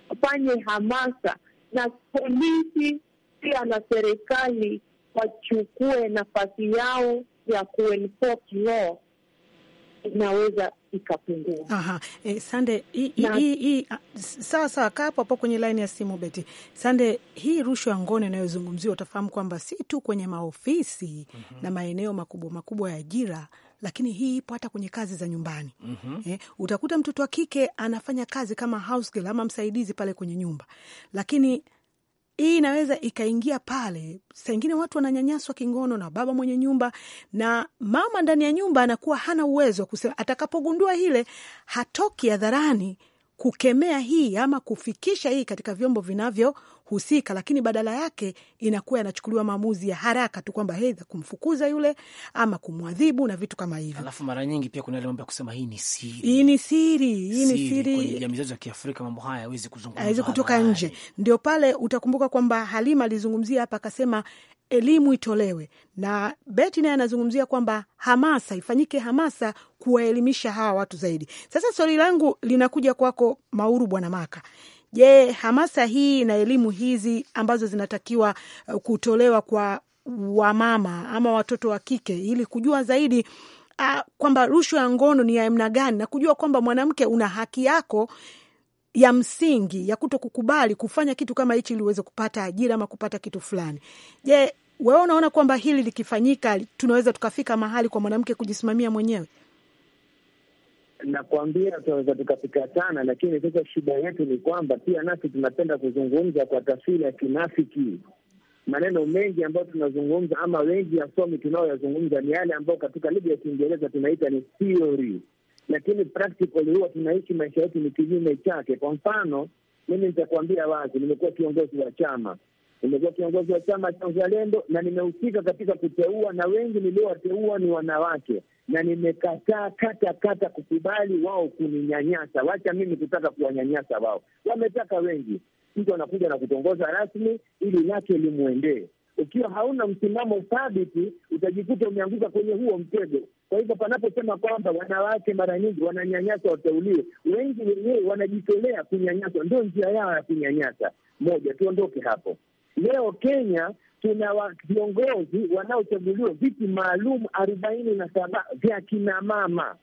tufanye hamasa na polisi pia na serikali wachukue nafasi yao ya kuenforce law inaweza ikapungua. Aha. E, Sande, sawa sawa, kaa hapo hapo kwenye laini ya simu Beti. Sande, hii rushwa ya ngono inayozungumziwa, utafahamu kwamba si tu kwenye maofisi mm -hmm. na maeneo makubwa makubwa ya ajira lakini hii ipo hata kwenye kazi za nyumbani. mm -hmm. Eh, utakuta mtoto wa kike anafanya kazi kama house girl ama msaidizi pale kwenye nyumba, lakini hii inaweza ikaingia pale. Saa ingine watu wananyanyaswa kingono na baba mwenye nyumba, na mama ndani ya nyumba anakuwa hana uwezo wa kusema. Atakapogundua hile, hatoki hadharani kukemea hii ama kufikisha hii katika vyombo vinavyo husika, lakini badala yake inakuwa yanachukuliwa maamuzi ya haraka tu kwamba heidha kumfukuza yule ama kumwadhibu na vitu kama hivyo. Alafu mara nyingi pia kuna ile mambo ya kusema hii ni siri, hii ni siri, hii ni siri. Kwenye jamii zetu za Kiafrika mambo haya hayawezi kuzungumzwa, hayawezi kutoka nje. Ndio pale utakumbuka kwamba Halima alizungumzia hapa akasema elimu itolewe na Beti naye anazungumzia kwamba hamasa ifanyike, hamasa kuwaelimisha hawa watu zaidi. Sasa swali langu linakuja kwako Mauru Bwana Maka, Je, hamasa hii na elimu hizi ambazo zinatakiwa uh, kutolewa kwa wamama ama watoto wa kike ili kujua zaidi uh, kwamba rushwa ya ngono ni ya namna gani na kujua kwamba mwanamke, una haki yako ya msingi ya kuto kukubali kufanya kitu kama hichi ili uweze kupata ajira ama kupata kitu fulani. Je, wewe unaona kwamba hili likifanyika tunaweza tukafika mahali kwa mwanamke kujisimamia mwenyewe? nakwambia tunaweza tukapikatana, lakini sasa shida yetu ni kwamba pia nasi tunapenda kuzungumza kwa taswira ya kinafiki. Maneno mengi ambayo tunazungumza ama wengi ya somi tunaoyazungumza ni yale ambayo katika lugha ya Kiingereza tunaita ni theory, lakini huwa tunaishi maisha yetu ni kinyume chake. Kwa mfano, mimi nitakuambia wazi, nimekuwa kiongozi wa chama nimekuwa kiongozi wa chama cha Uzalendo na nimehusika katika kuteua, na wengi niliowateua ni wanawake, na nimekataa kata kata kukubali wao kuninyanyasa, wacha mimi kutaka kuwanyanyasa wao. Wametaka wengi, mtu anakuja na kutongoza rasmi ili lake limwendee. Ukiwa hauna msimamo thabiti, utajikuta umeanguka kwenye huo mtego. Kwa hivyo, panaposema kwamba wanawake mara nyingi wananyanyasa wateuliwe, wengi wenyewe wanajitolea kunyanyaswa, ndio njia yao ya kunyanyasa. Moja, tuondoke hapo. Leo Kenya tuna viongozi wanaochaguliwa viti maalum arobaini na saba vya kinamama.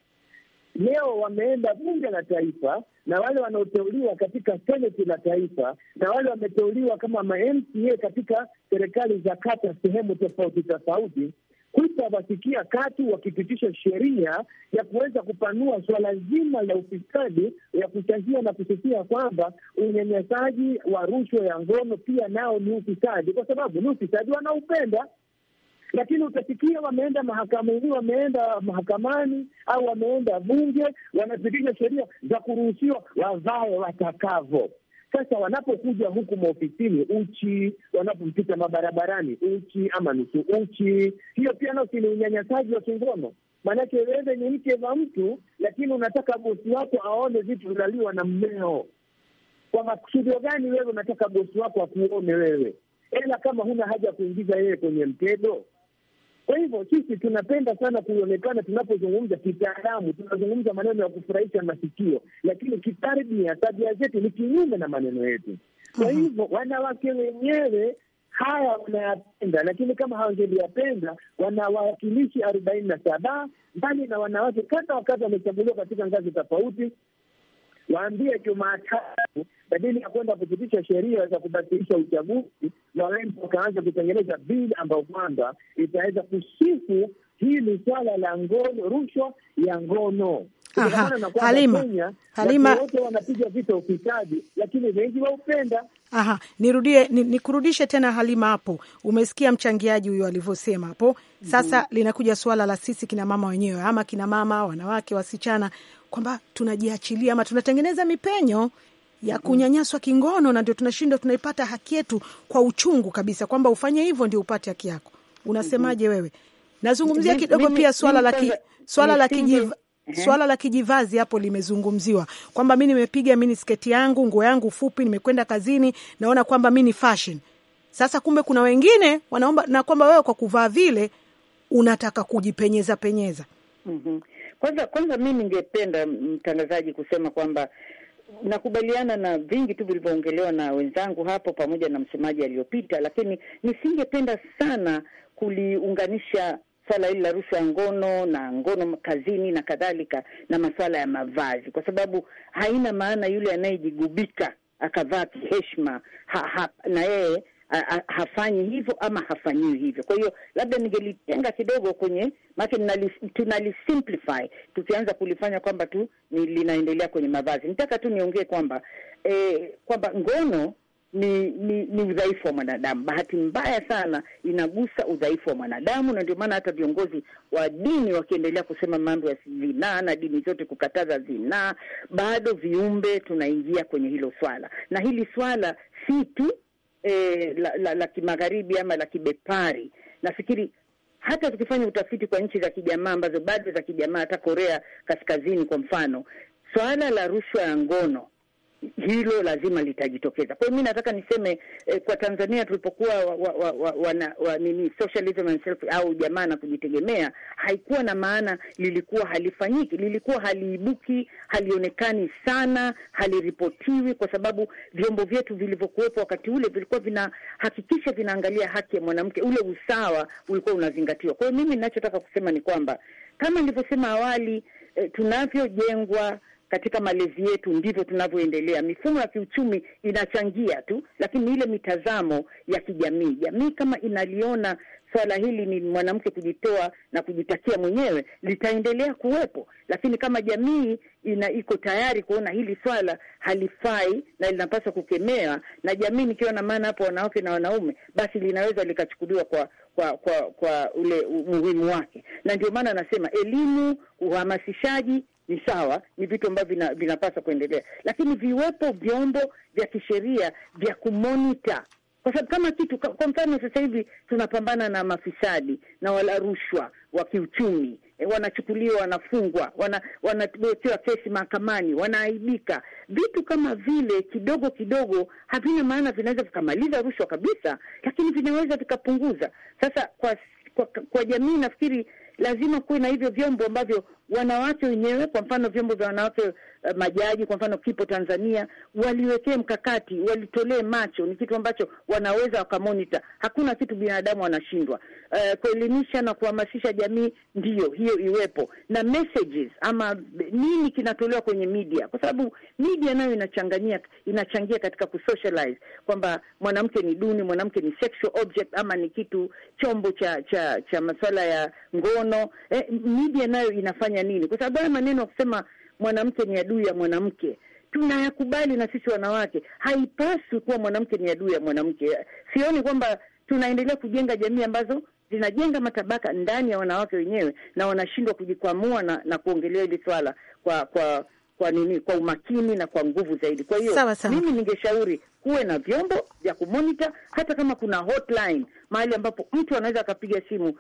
Leo wameenda bunge la taifa na wale wanaoteuliwa katika seneti la taifa na wale wameteuliwa kama ma MCA katika serikali za kata sehemu tofauti tofauti, kutawafikia kati wakipitisha sheria ya kuweza kupanua suala zima la ufisadi ya kuchangia na kusikia kwamba unyanyasaji wa rushwa ya ngono pia nao ni ufisadi, kwa sababu ni ufisadi wanaupenda lakini utasikia wameenda mahakamani, wameenda mahakamani au wameenda bunge, wanapitisha sheria za kuruhusiwa wavae watakavyo. Sasa wanapokuja huku maofisini uchi, wanapopita mabarabarani uchi ama nusu uchi, hiyo pia nasi ni unyanyasaji wa kingono. Maanake wewe ni mke wa mtu, lakini unataka bosi wako aone vitu vinaliwa na mmeo. Kwa makusudio gani wewe unataka bosi wako akuone wewe, ela kama huna haja ya kuingiza yeye kwenye mtego? Kwa hivyo sisi tunapenda sana kuonekana, tunapozungumza kitaalamu, tunazungumza maneno ya kufurahisha masikio, lakini kitarbia tabia zetu ni kinyume na maneno yetu. Kwa mhm. hivyo wanawake wenyewe haya wanayapenda, lakini kama hawangeliyapenda wanawakilishi arobaini na saba mbali na wanawake kata wakati wamechaguliwa katika ngazi tofauti, waambie Jumatatu badili ya kwenda kupitisha sheria za kubatilisha uchaguzi, na wengi wakaanza kutengeneza bili ambayo kwamba itaweza kusifu hili swala la ngono, rushwa ya ngono. Halima, Halima, wote wanapiga vita ufisadi, lakini wengi waupenda. Aha, nirudie nikurudishe ni tena Halima hapo. Umesikia mchangiaji huyo alivyosema hapo. Sasa mm -hmm. linakuja suala la sisi kina mama wenyewe, ama kina mama, wanawake, wasichana, kwamba tunajiachilia ama tunatengeneza mipenyo ya kunyanyaswa kingono, na ndio tunashindwa tunaipata haki yetu kwa uchungu kabisa, kwamba ufanye hivyo ndio upate haki yako. Unasemaje mm-hmm. wewe? Nazungumzia kidogo pia swala la swala la kijiva mhm. swala la kijivazi hapo limezungumziwa kwamba mi nimepiga mini sketi yangu, nguo yangu fupi, nimekwenda kazini, naona kwamba mi ni fashion. Sasa kumbe kuna wengine wanaomba na kwamba wewe kwa kuvaa vile unataka kujipenyeza penyeza. mm -hmm. Kwanza kwanza mi ningependa mtangazaji kusema kwamba nakubaliana na vingi tu vilivyoongelewa na wenzangu hapo pamoja na msemaji aliyopita, lakini nisingependa sana kuliunganisha swala hili la rushwa ya ngono na ngono kazini na kadhalika na masuala ya mavazi, kwa sababu haina maana yule anayejigubika akavaa kiheshima na yeye hafanyi hivyo ama hafanyiwi hivyo. Kwa hiyo labda ningelitenga kidogo kwenye make, tunalisimplify tukianza kulifanya kwamba tu ni linaendelea kwenye mavazi. Nitaka tu niongee kwamba eh, kwamba ngono ni ni, ni udhaifu wa mwanadamu. Bahati mbaya sana inagusa udhaifu wa mwanadamu, na ndio maana hata viongozi wa dini wakiendelea kusema mambo ya zinaa na dini zote kukataza zinaa, bado viumbe tunaingia kwenye hilo swala, na hili swala si tu eh, la, la, la kimagharibi ama la kibepari. Nafikiri hata tukifanya utafiti kwa nchi za kijamaa ambazo bado za kijamaa, hata Korea Kaskazini kwa mfano, swala la rushwa ya ngono hilo lazima litajitokeza. Kwa hiyo mi nataka niseme eh, kwa Tanzania tulipokuwa wa, wa, wa, wa, wa, wa, nini socialism and self au jamaa na kujitegemea haikuwa na maana, lilikuwa halifanyiki, lilikuwa haliibuki, halionekani sana, haliripotiwi, kwa sababu vyombo vyetu vilivyokuwepo wakati ule vilikuwa vinahakikisha vinaangalia haki ya mwanamke, ule usawa ulikuwa unazingatiwa. Kwa hiyo mimi ninachotaka kusema ni kwamba kama nilivyosema awali, eh, tunavyojengwa katika malezi yetu ndivyo tunavyoendelea. Mifumo ya kiuchumi inachangia tu, lakini ile mitazamo ya kijamii, jamii kama inaliona swala hili ni mwanamke kujitoa na kujitakia mwenyewe litaendelea kuwepo, lakini kama jamii ina iko tayari kuona hili swala halifai na linapaswa kukemewa na jamii, nikiwa na maana hapo wanawake na wanaume, basi linaweza likachukuliwa kwa kwa kwa kwa ule umuhimu wake, na ndio maana anasema elimu, uhamasishaji ni sawa, ni vitu ambavyo vinapaswa kuendelea, lakini viwepo vyombo vya kisheria vya kumonita kwa sababu kama kitu kwa mfano, sasa hivi tunapambana na mafisadi na wala rushwa wa kiuchumi e, wanachukuliwa, wanafungwa, wana kesi mahakamani, wanaaibika. Vitu kama vile kidogo kidogo havina maana, vinaweza vikamaliza rushwa kabisa, lakini vinaweza vikapunguza. Sasa kwa kwa, kwa jamii nafikiri lazima kuwe na hivyo vyombo ambavyo wanawake wenyewe, kwa mfano vyombo vya wanawake Eh, majaji kwa mfano kipo Tanzania, waliwekee mkakati, walitolee macho, ni kitu ambacho wanaweza wakamonita. Hakuna kitu binadamu wanashindwa. Uh, eh, kuelimisha na kuhamasisha jamii, ndiyo hiyo iwepo, na messages ama nini kinatolewa kwenye media, kwa sababu media nayo inachangania inachangia katika kusocialize kwamba mwanamke ni duni, mwanamke ni sexual object ama ni kitu chombo cha cha cha masuala ya ngono. Eh, media nayo inafanya nini? Kwa sababu haya maneno ya kusema mwanamke ni adui ya mwanamke tunayakubali na sisi wanawake. Haipaswi kuwa mwanamke ni adui ya mwanamke. Sioni kwamba tunaendelea kujenga jamii ambazo zinajenga matabaka ndani ya wanawake wenyewe, na wanashindwa kujikwamua na, na kuongelea hili swala kwa kwa kwa nini, kwa umakini na kwa nguvu zaidi. Kwa hiyo mimi ningeshauri kuwe na vyombo vya kumonita, hata kama kuna hotline mahali ambapo mtu anaweza akapiga simu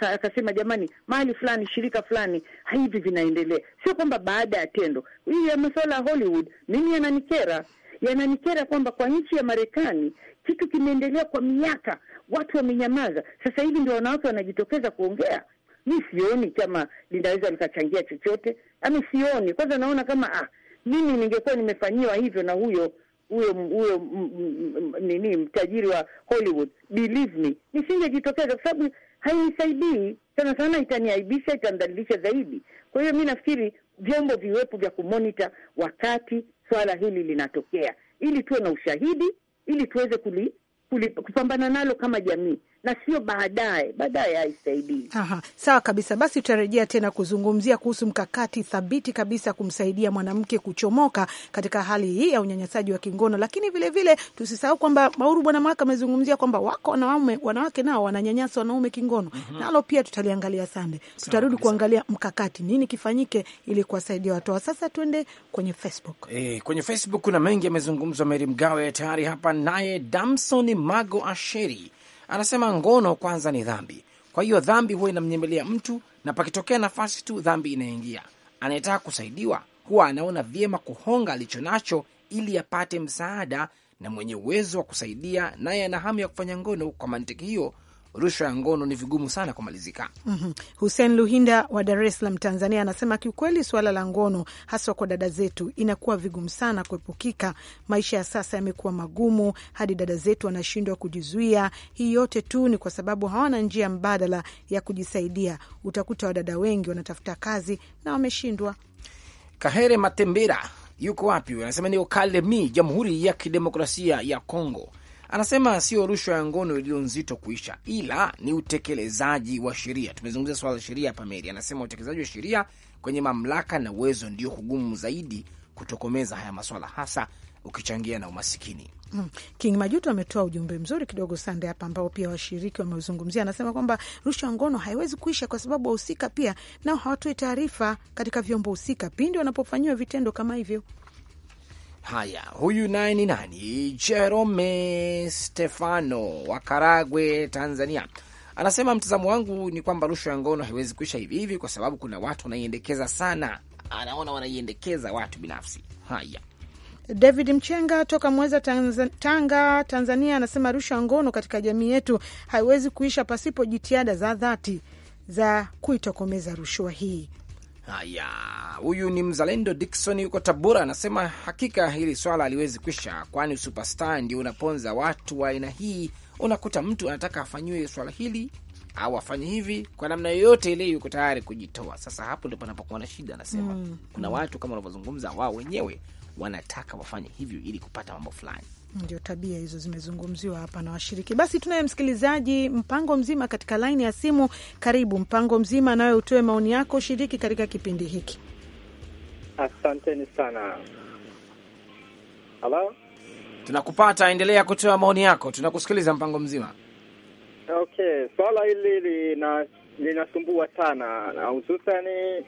akasema, jamani, mahali fulani, shirika fulani, hivi vinaendelea. Sio kwamba baada ya tendo hii ya masuala ya Hollywood, mimi yananikera, yananikera kwamba kwa nchi ya Marekani kitu kimeendelea kwa miaka, watu wamenyamaza. Sasa hivi ndio wanawake wanajitokeza kuongea. Mi sioni kama linaweza likachangia chochote, ama sioni kwanza, naona kama ah, mimi ningekuwa nimefanyiwa hivyo na huyo huyo huyo nini mtajiri wa Hollywood, believe me, nisingejitokeza kwa sababu hainisaidii sana sana, itaniaibisha, itanidhalilisha zaidi. Kwa hiyo mi nafikiri vyombo viwepo vya kumonita wakati swala hili linatokea, ili tuwe na ushahidi, ili tuweze kuli, kuli, kupambana nalo kama jamii na sio baadaye. Baadaye haisaidii. Sawa kabisa. Basi tutarejea tena kuzungumzia kuhusu mkakati thabiti kabisa kumsaidia mwanamke kuchomoka katika hali hii ya unyanyasaji wa kingono, lakini vilevile tusisahau kwamba Mauru Bwana Mwaka amezungumzia kwamba wako wanaume, wanawake nao wananyanyasa wanaume kingono, mm -hmm. nalo pia tutaliangalia Sande. Tutarudi kuangalia mkakati, nini kifanyike ili kuwasaidia watoa. Sasa tuende kwenye Facebook. E, kwenye Facebook kuna mengi yamezungumzwa. Meri Mgawe tayari hapa, naye Damson Mago Asheri Anasema ngono kwanza ni dhambi, kwa hiyo dhambi huwa inamnyemelea mtu, na pakitokea nafasi tu dhambi inaingia. Anayetaka kusaidiwa huwa anaona vyema kuhonga alicho nacho ili apate msaada, na mwenye uwezo wa kusaidia naye ana hamu ya kufanya ngono. Kwa mantiki hiyo, rushwa ya ngono ni vigumu sana kumalizika. mm -hmm. Hussein Luhinda wa Dar es Salaam, Tanzania, anasema kiukweli, suala la ngono haswa kwa dada zetu inakuwa vigumu sana kuepukika. Maisha ya sasa yamekuwa magumu hadi dada zetu wanashindwa kujizuia. Hii yote tu ni kwa sababu hawana njia mbadala ya kujisaidia. Utakuta wadada wengi wanatafuta kazi na wameshindwa. Kahere Matembera yuko wapi? Anasema ni Kalemi, Jamhuri ya Kidemokrasia ya Kongo. Anasema sio rushwa ya ngono iliyo nzito kuisha, ila ni utekelezaji wa sheria. Tumezungumzia swala la sheria hapa Meri. Anasema utekelezaji wa sheria kwenye mamlaka na uwezo ndio hugumu zaidi kutokomeza haya maswala, hasa ukichangia na umasikini. Hmm. King Majuto ametoa ujumbe mzuri kidogo Sande hapa ambao pia washiriki wameuzungumzia. Anasema kwamba rushwa ngono haiwezi kuisha kwa sababu wahusika pia nao hawatoi taarifa katika vyombo husika pindi wanapofanyiwa vitendo kama hivyo. Haya, huyu naye ni nani? Jerome Stefano wa Karagwe, Tanzania, anasema mtazamo wangu ni kwamba rushwa ya ngono haiwezi kuisha hivi hivi, kwa sababu kuna watu wanaiendekeza sana, anaona wanaiendekeza watu binafsi. Haya, David Mchenga toka Mweza, Tanga, Tanzania, anasema rushwa ya ngono katika jamii yetu haiwezi kuisha pasipo jitihada za dhati za kuitokomeza rushwa hii. Haya, huyu ni mzalendo dikson yuko Tabora, anasema hakika hili swala haliwezi kwisha, kwani superstar ndio unaponza watu wa aina hii. Unakuta mtu anataka afanyiwe swala hili au afanye hivi kwa namna yoyote ile, yuko tayari kujitoa. Sasa hapo ndo panapokuwa na shida, anasema mm. Kuna mm. watu kama unavyozungumza, wao wenyewe wanataka wafanye hivyo ili kupata mambo fulani. Ndio tabia hizo zimezungumziwa hapa na washiriki. Basi tunaye msikilizaji Mpango Mzima katika laini ya simu. Karibu Mpango Mzima, nawe utoe maoni yako, shiriki katika kipindi hiki. Asanteni sana. Halo, tunakupata, endelea kutoa maoni yako, tunakusikiliza Mpango Mzima. Okay, swala hili lina linasumbua sana, na hususani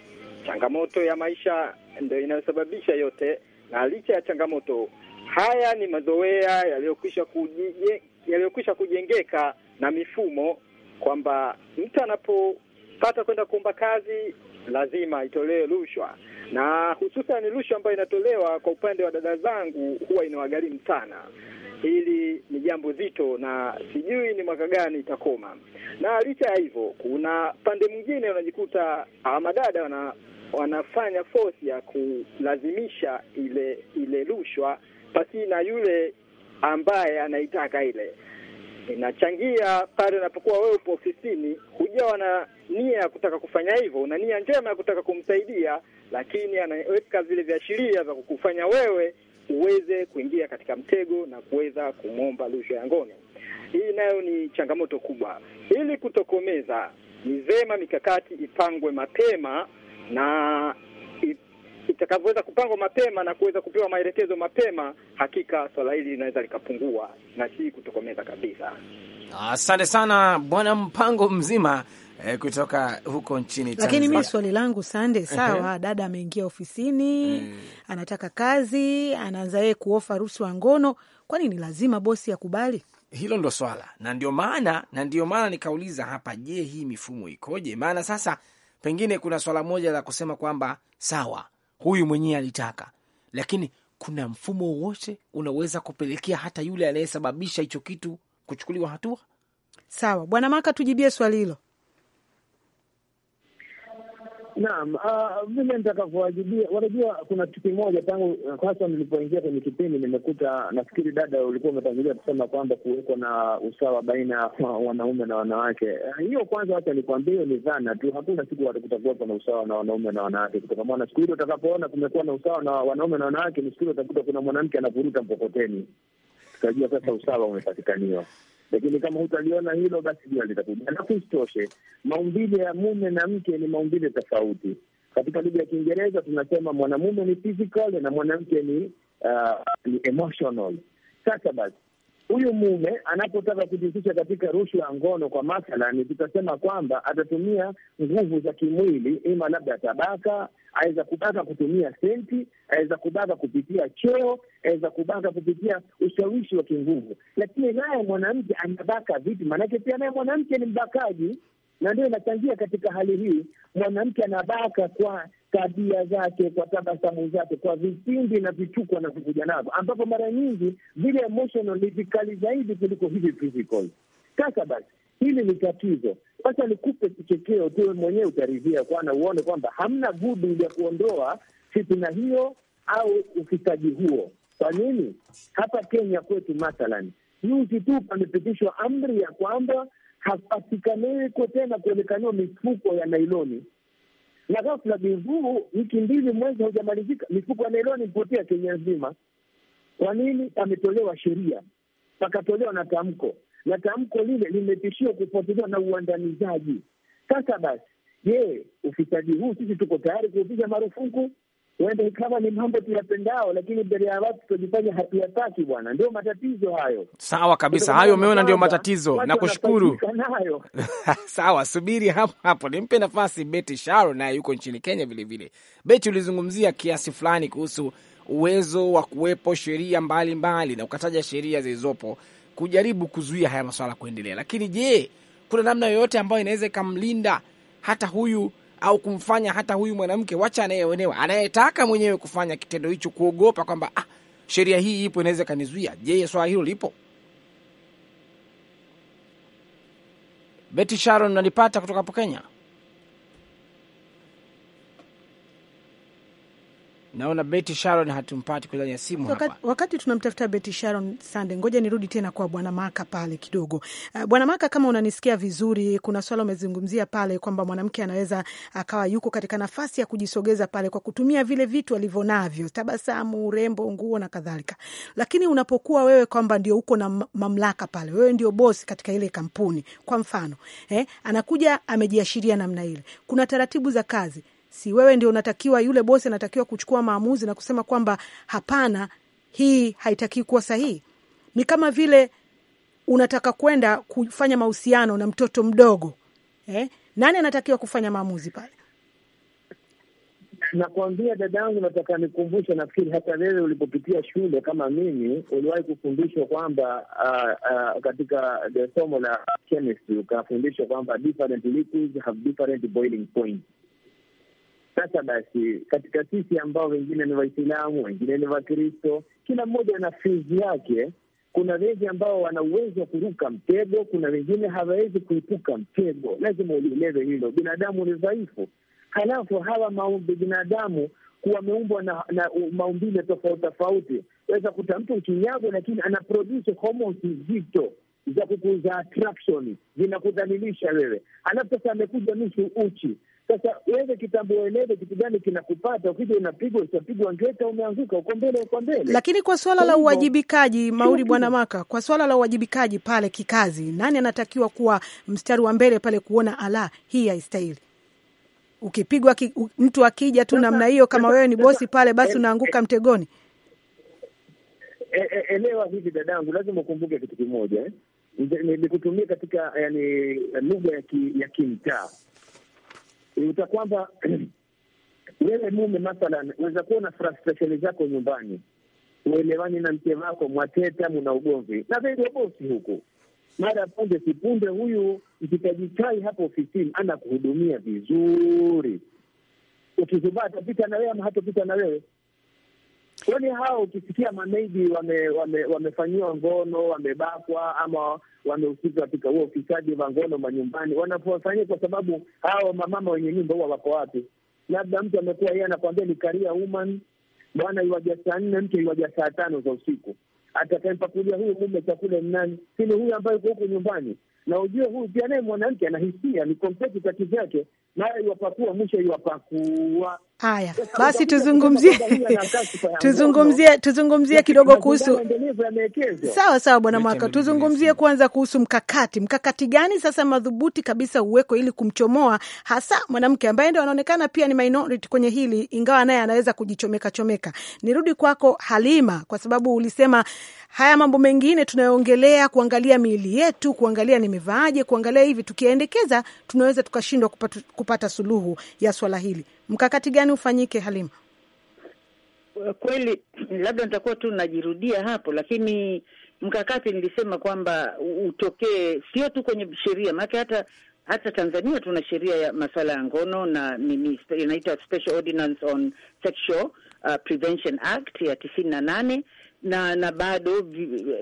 changamoto ya maisha ndio inayosababisha yote, na licha ya changamoto Haya ni mazoea yaliyokwisha kujenge, yaliyokwisha kujengeka na mifumo kwamba mtu anapopata kwenda kuomba kazi lazima itolewe rushwa, na hususan rushwa ambayo inatolewa kwa upande wa dada zangu huwa inawagharimu sana. Hili ni jambo zito na sijui ni mwaka gani itakoma. Na licha ya hivyo, kuna pande mwingine unajikuta ah, madada wana, wanafanya fosi ya kulazimisha ile ile rushwa na yule ambaye anaitaka ile. Inachangia pale unapokuwa wewe upo ofisini, hujawa na nia ya kutaka kufanya hivyo, una nia njema ya kutaka kumsaidia, lakini anaweka vile viashiria vya kukufanya wewe uweze kuingia katika mtego na kuweza kumwomba rushwa ya ngono. Hii nayo ni changamoto kubwa. Ili kutokomeza, ni vema mikakati ipangwe mapema na itakavyoweza kupangwa mapema na kuweza kupewa maelekezo mapema, hakika swala hili linaweza likapungua na si kutokomeza kabisa. Asante sana bwana Mpango mzima eh, kutoka huko nchini Tanzania. Lakini mimi swali langu Sande, sawa dada ameingia ofisini mm, anataka kazi, anaanza yeye kuofa rushwa ngono, kwani ni lazima bosi akubali? Hilo ndo swala, na ndio maana na ndio maana nikauliza hapa, je, hii mifumo ikoje? Maana sasa pengine kuna swala moja la kusema kwamba sawa huyu mwenyewe alitaka, lakini kuna mfumo wowote unaweza kupelekea hata yule anayesababisha hicho kitu kuchukuliwa hatua? Sawa, Bwana Maka, tujibie swali hilo. Naam, vile ah, nitakavyoajibia, wanajua kuna kitu kimoja tangu uh, hasa nilipoingia kwenye kipindi nimekuta, nafikiri dada, ulikuwa umetangulia kusema kwamba kuwekwa na usawa baina ya wanaume na wanawake. Ah, hiyo kwanza, wacha nikwambia, hiyo ni dhana tu. Hakuna siku kutakuwa na usawa na wanaume na wanawake, kutokana siku hili utakapoona kumekuwa na usawa na wanaume na wanawake, ni siku hili utakuta kuna mwanamke anavuruta mkokoteni, tutajua sasa usawa umepatikaniwa. Lakini kama hutaliona hilo, basi jua litakuja. Alafu isitoshe, maumbile ya mume na mke ni maumbile tofauti. Katika lugha ya Kiingereza tunasema mwanamume ni physical na mwanamke ni uh, ni emotional. Sasa basi huyu mume anapotaka kujihusisha katika rushwa ya ngono, kwa mathalani, tutasema kwamba atatumia nguvu za kimwili, ima labda atabaka, aweza kubaka kutumia senti, aweza kubaka kupitia cheo, aweza kubaka kupitia ushawishi wa kinguvu. Lakini naye mwanamke anabaka vipi? Maanake pia naye mwanamke ni mbakaji na ndio inachangia katika hali hii. Mwanamke anabaka kwa tabia zake, kwa tabasamu zake, kwa vipindi na vichuko anavyokuja navyo, ambapo mara nyingi vile emotional ni vikali zaidi kuliko hivi physical. Sasa basi hili ni tatizo. Sasa nikupe kichekeo tu, mwenyewe utaridhia, kwana uone kwamba hamna budi ya kuondoa fitina hiyo au ufisadi huo. Kwa nini? Hapa Kenya kwetu mathalan, juzi tu pamepitishwa amri ya kwamba hapatikaniwi tena kuonekaniwa mifuko ya nailoni, na ghafla bivuu, wiki mbili, mwezi haujamalizika, mifuko ya nailoni mpotea Kenya nzima. Kwa nini? Ametolewa sheria, pakatolewa na tamko, na tamko lile limetishiwa kufuatiliwa na uandanizaji. Sasa basi, je, ufisadi huu sisi tuko tayari kuupiga marufuku? huenda ikawa ni mambo tuyapendao, lakini mbele ya watu tutajifanya hatuyataki. Bwana, ndio matatizo hayo. Sawa kabisa, hayo umeona, ndio matatizo. Nakushukuru. Sawa, subiri hapo hapo, nimpe nafasi Beti Sharo, naye yuko nchini Kenya vilevile. Beti, ulizungumzia kiasi fulani kuhusu uwezo wa kuwepo sheria mbalimbali na ukataja sheria zilizopo kujaribu kuzuia haya maswala kuendelea, lakini je, kuna namna yoyote ambayo inaweza ikamlinda hata huyu au kumfanya hata huyu mwanamke, wacha anayeonewa, anayetaka mwenyewe kufanya kitendo hicho, kuogopa kwamba ah, sheria hii ipo, inaweza ikanizuia. Je, swala hilo lipo? Beti Sharon, nalipata kutoka hapo Kenya. Naona Betty Sharon hatumpati kwa ya simu wakati, hapa. Wakati tunamtafuta Betty Sharon Sande, ngoja nirudi tena kwa Bwana Maka pale kidogo. Uh, Bwana Maka, kama unanisikia vizuri, kuna swala umezungumzia pale kwamba mwanamke anaweza akawa yuko katika nafasi ya kujisogeza pale kwa kutumia vile vitu alivyonavyo, tabasamu, urembo, nguo na kadhalika. Lakini unapokuwa wewe kwamba ndio uko na mamlaka pale, wewe ndio bosi katika ile kampuni, kwa mfano, eh, anakuja amejiashiria namna ile. Kuna taratibu za kazi si wewe ndio unatakiwa, yule bosi anatakiwa kuchukua maamuzi na kusema kwamba hapana, hii haitaki kuwa sahihi. Ni kama vile unataka kwenda kufanya mahusiano na mtoto mdogo eh? Nani anatakiwa kufanya maamuzi pale? Nakwambia dadangu, nataka nikumbushe, nafikiri hata wewe ulipopitia shule kama mimi, uliwahi kufundishwa kwamba uh, uh, katika somo la chemistry ukafundishwa kwamba different liquids have different boiling points sasa basi, katika sisi ambao wengine ni Waislamu, wengine ni Wakristo, kila mmoja ana fezi yake. Kuna wengi ambao wana uwezo wa kuruka mtego, kuna wengine hawawezi kuipuka mtego. Lazima ulielewe hilo, binadamu ni dhaifu. Halafu hawa maumbi binadamu wameumbwa na, na maumbile tofauti tofauti. weza kuta mtu kinyago, lakini ana produce nzito za kukuza attraction zinakudhalilisha wewe, halafu sasa amekuja nusu uchi sasa uweze kitambo ueleze kitu gani kinakupata, ukija unapigwa, utapigwa ngeta, umeanguka uko mbele, uko mbele. Lakini kwa swala la uwajibikaji, Mauri Bwana Maka, kwa swala la uwajibikaji pale kikazi, nani anatakiwa kuwa mstari wa mbele pale kuona ala hii haistahili? Ukipigwa ki, mtu akija tu namna hiyo, kama wewe ni bosi pale, basi unaanguka e, mtegoni. E, e, elewa hivi dadangu, lazima ukumbuke kitu kimoja, eh. nikutumia katika yani lugha ya kimtaa uta kwamba wewe mume mathalan, unaweza kuwa na frustration zako nyumbani, uelewani na mke wako, mwateta, mna ugomvi na ya bosi huku, mara punde sipunde huyu mkitaji chai hapo ofisini anakuhudumia vizuri, ukizubaa atapita na wewe ama hatapita na wewe kwani hao ukisikia mameidi wame, wame, wamefanyiwa ngono wamebakwa ama wamehusika katika huo ufisadi, ngono manyumbani wanapowafanyia, kwa sababu hawa mamama wenye nyumba huwa wako wapi? Labda mtu amekuwa yeye anakwambia ni karia woman, bwana iwaja saa nne, mtu iwaja saa tano za usiku, atakayempakulia huyu mume chakula ni nani? Sini huyu ambaye uko huku nyumbani. Na ujue huyu pia naye mwanamke anahisia ni kompeti kati zake, naye iwapakua, mwisho iwapakua Haya basi, tuzungumzie tuzungumzie tuzungumzie kidogo kuhusu sawa sawa, bwana Mwaka, tuzungumzie kwanza kuhusu mkakati. Mkakati gani sasa madhubuti kabisa uwekwe ili kumchomoa hasa mwanamke ambaye ndo anaonekana pia ni minority kwenye hili, ingawa naye anaweza kujichomeka chomeka? Nirudi kwako Halima, kwa sababu ulisema haya mambo mengine tunayoongelea, kuangalia miili yetu, kuangalia nimevaaje, kuangalia hivi, tukiendekeza tunaweza tukashindwa kupata, kupata suluhu ya swala hili mkakati gani ufanyike, Halima? Kweli labda nitakuwa tu najirudia hapo, lakini mkakati nilisema kwamba utokee sio tu kwenye sheria, maanake hata hata Tanzania tuna sheria ya masuala ya ngono na inaitwa Special Ordinance on Sexual uh, Prevention Act ya tisini na nane na na bado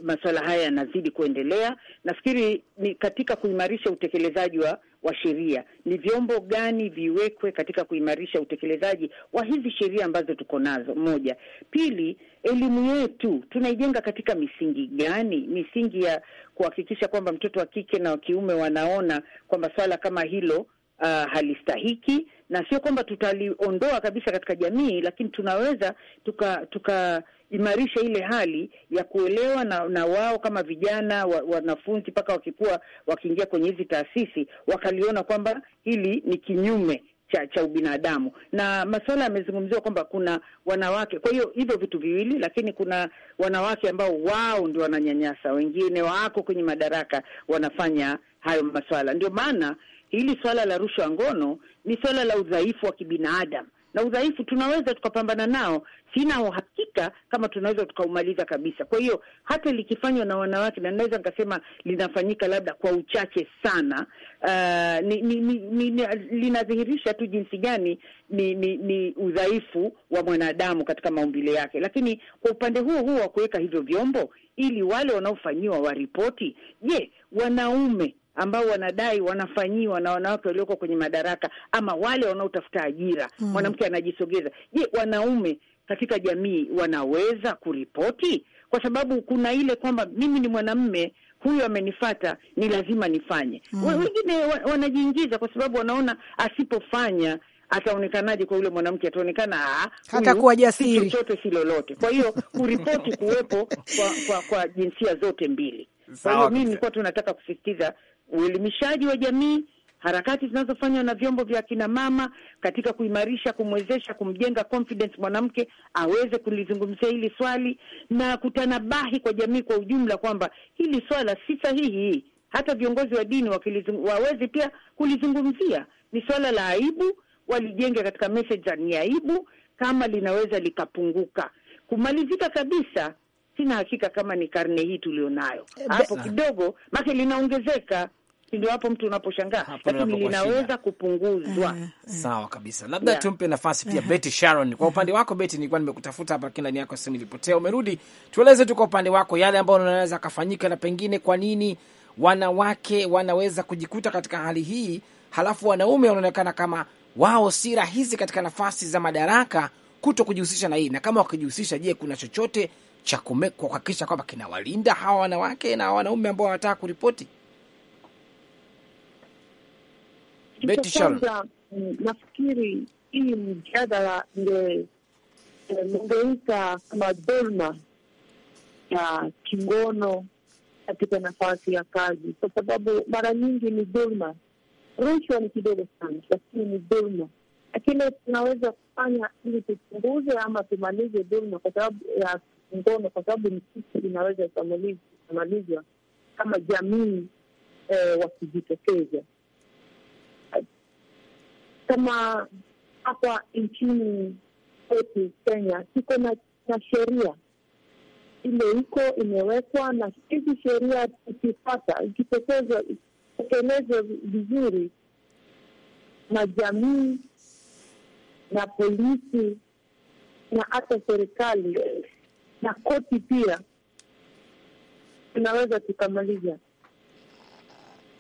masuala haya yanazidi kuendelea. Nafikiri ni katika kuimarisha utekelezaji wa wa sheria, ni vyombo gani viwekwe katika kuimarisha utekelezaji wa hizi sheria ambazo tuko nazo. Moja. Pili, elimu yetu tunaijenga katika misingi gani? Misingi ya kuhakikisha kwamba mtoto wa kike na wa kiume wanaona kwamba swala kama hilo uh, halistahiki na sio kwamba tutaliondoa kabisa katika jamii, lakini tunaweza tukaimarisha tuka ile hali ya kuelewa na, na wao kama vijana wanafunzi mpaka wakikuwa wakiingia kwenye hizi taasisi wakaliona kwamba hili ni kinyume cha, cha ubinadamu na masuala yamezungumziwa kwamba kuna wanawake. Kwa hiyo hivyo vitu viwili, lakini kuna wanawake ambao wao ndio wananyanyasa wengine, wako kwenye madaraka, wanafanya hayo masuala. Ndio maana hili swala la rushwa ngono ni swala la udhaifu wa kibinadamu, na udhaifu tunaweza tukapambana nao. Sina uhakika kama tunaweza tukaumaliza kabisa. Kwa hiyo hata likifanywa na wanawake, na naweza nikasema linafanyika labda kwa uchache sana, uh, ni, ni, ni, ni, ni, linadhihirisha tu jinsi gani ni, ni, ni udhaifu wa mwanadamu katika maumbile yake. Lakini kwa upande huo huo wa kuweka hivyo vyombo ili wale wanaofanyiwa waripoti, je, wanaume ambao wanadai wanafanyiwa na wanawake walioko kwenye madaraka ama wale wanaotafuta ajira mm. Mwanamke anajisogeza. Je, wanaume katika jamii wanaweza kuripoti? Kwa sababu kuna ile kwamba mimi ni mwanamme huyu amenifata ni lazima nifanye. mm. Wengine wanajiingiza kwa sababu wanaona asipofanya ataonekanaje kwa yule mwanamke, ataonekana kuwa jasiri, si chochote si lolote. Kwa hiyo kuripoti kuwepo kwa, kwa, kwa jinsia zote mbili. Kwa hiyo mimi nilikuwa tu nataka kusisitiza uelimishaji wa jamii, harakati zinazofanywa na vyombo vya kina mama katika kuimarisha, kumwezesha, kumjenga confidence mwanamke aweze kulizungumzia hili swali na kutanabahi kwa jamii kwa ujumla kwamba hili swala si sahihi. Hata viongozi wa dini wawezi pia kulizungumzia, ni swala la aibu, walijenge katika message za ni aibu, kama linaweza likapunguka. Kumalizika kabisa sina hakika kama ni karne hii tulionayo eh, hapo kidogo, make linaongezeka ndio hapo mtu unaposhangaa, lakini linaweza kupunguzwa. Eh, eh. Sawa kabisa, labda yeah. Tumpe nafasi pia Betty Sharon, kwa upande wako Betty, nilikuwa nimekutafuta hapa, lakini ndani yako simu ilipotea, umerudi. Tueleze tu kwa upande wako yale ambayo unaweza akafanyika, na pengine kwa nini wanawake wanaweza kujikuta katika hali hii, halafu wanaume wanaonekana kama wao si rahisi katika nafasi za madaraka kuto kujihusisha na hii, na kama wakijihusisha, je, kuna chochote cha kuhakikisha kwamba kinawalinda hawa wanawake na wanaume ambao wanataka kuripoti? Beti Sharon, mm, nafikiri hii mjadala eh, ningeita kama dhulma ya kingono katika nafasi ya kazi, kwa sababu mara nyingi ni dhulma. Rushwa ni kidogo sana, lakini ni dhulma. Lakini tunaweza kufanya ili tupunguze ama tumalize dhulma, kwa sababu ya ngono, kwa sababu ni kitu inaweza ikamalizwa kama jamii eh, wakijitokeza kama hapa nchini kwetu Kenya tuko na, na sheria ile iko imewekwa, na hizi sheria tukipata ikitekelezwa vizuri na jamii na polisi na hata serikali na koti pia tunaweza tukamaliza.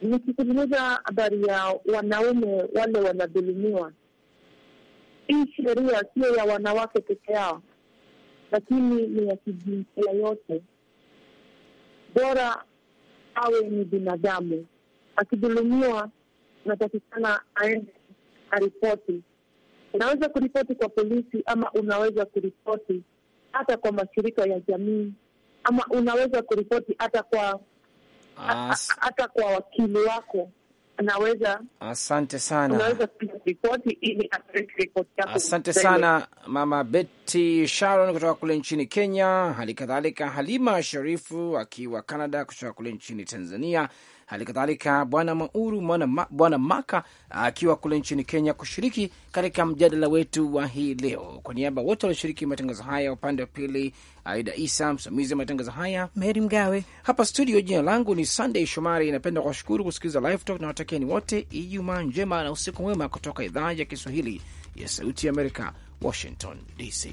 Nikizungumza habari ya wanaume wale wanadhulumiwa, hii sheria sio ya wanawake peke yao, lakini ni ya kijinsia yote. Bora awe ni binadamu, akidhulumiwa unatakikana aende aripoti. Unaweza kuripoti kwa polisi ama unaweza kuripoti hata kwa mashirika ya jamii, ama unaweza kuripoti hata kwa As... hata kwa wakili wako anaweza. Asante sana, unaweza kuripoti ili ripoti yako. Asante sana Mama Betty Sharon kutoka kule nchini Kenya, hali kadhalika Halima Sharifu akiwa Canada, kutoka kule nchini Tanzania hali kadhalika bwana Mauru bwana Maka akiwa kule nchini Kenya kushiriki katika mjadala wetu wa hii leo. Kwa niaba wote walioshiriki matangazo haya, upande wa pili Aida Isa, msimamizi wa matangazo haya Meri Mgawe, hapa studio, jina langu ni Sunday Shomari. Napenda kuwashukuru kusikiliza Live Talk na watakieni wote Ijumaa njema na usiku mwema kutoka idhaa ya Kiswahili ya Sauti ya Amerika, Washington DC.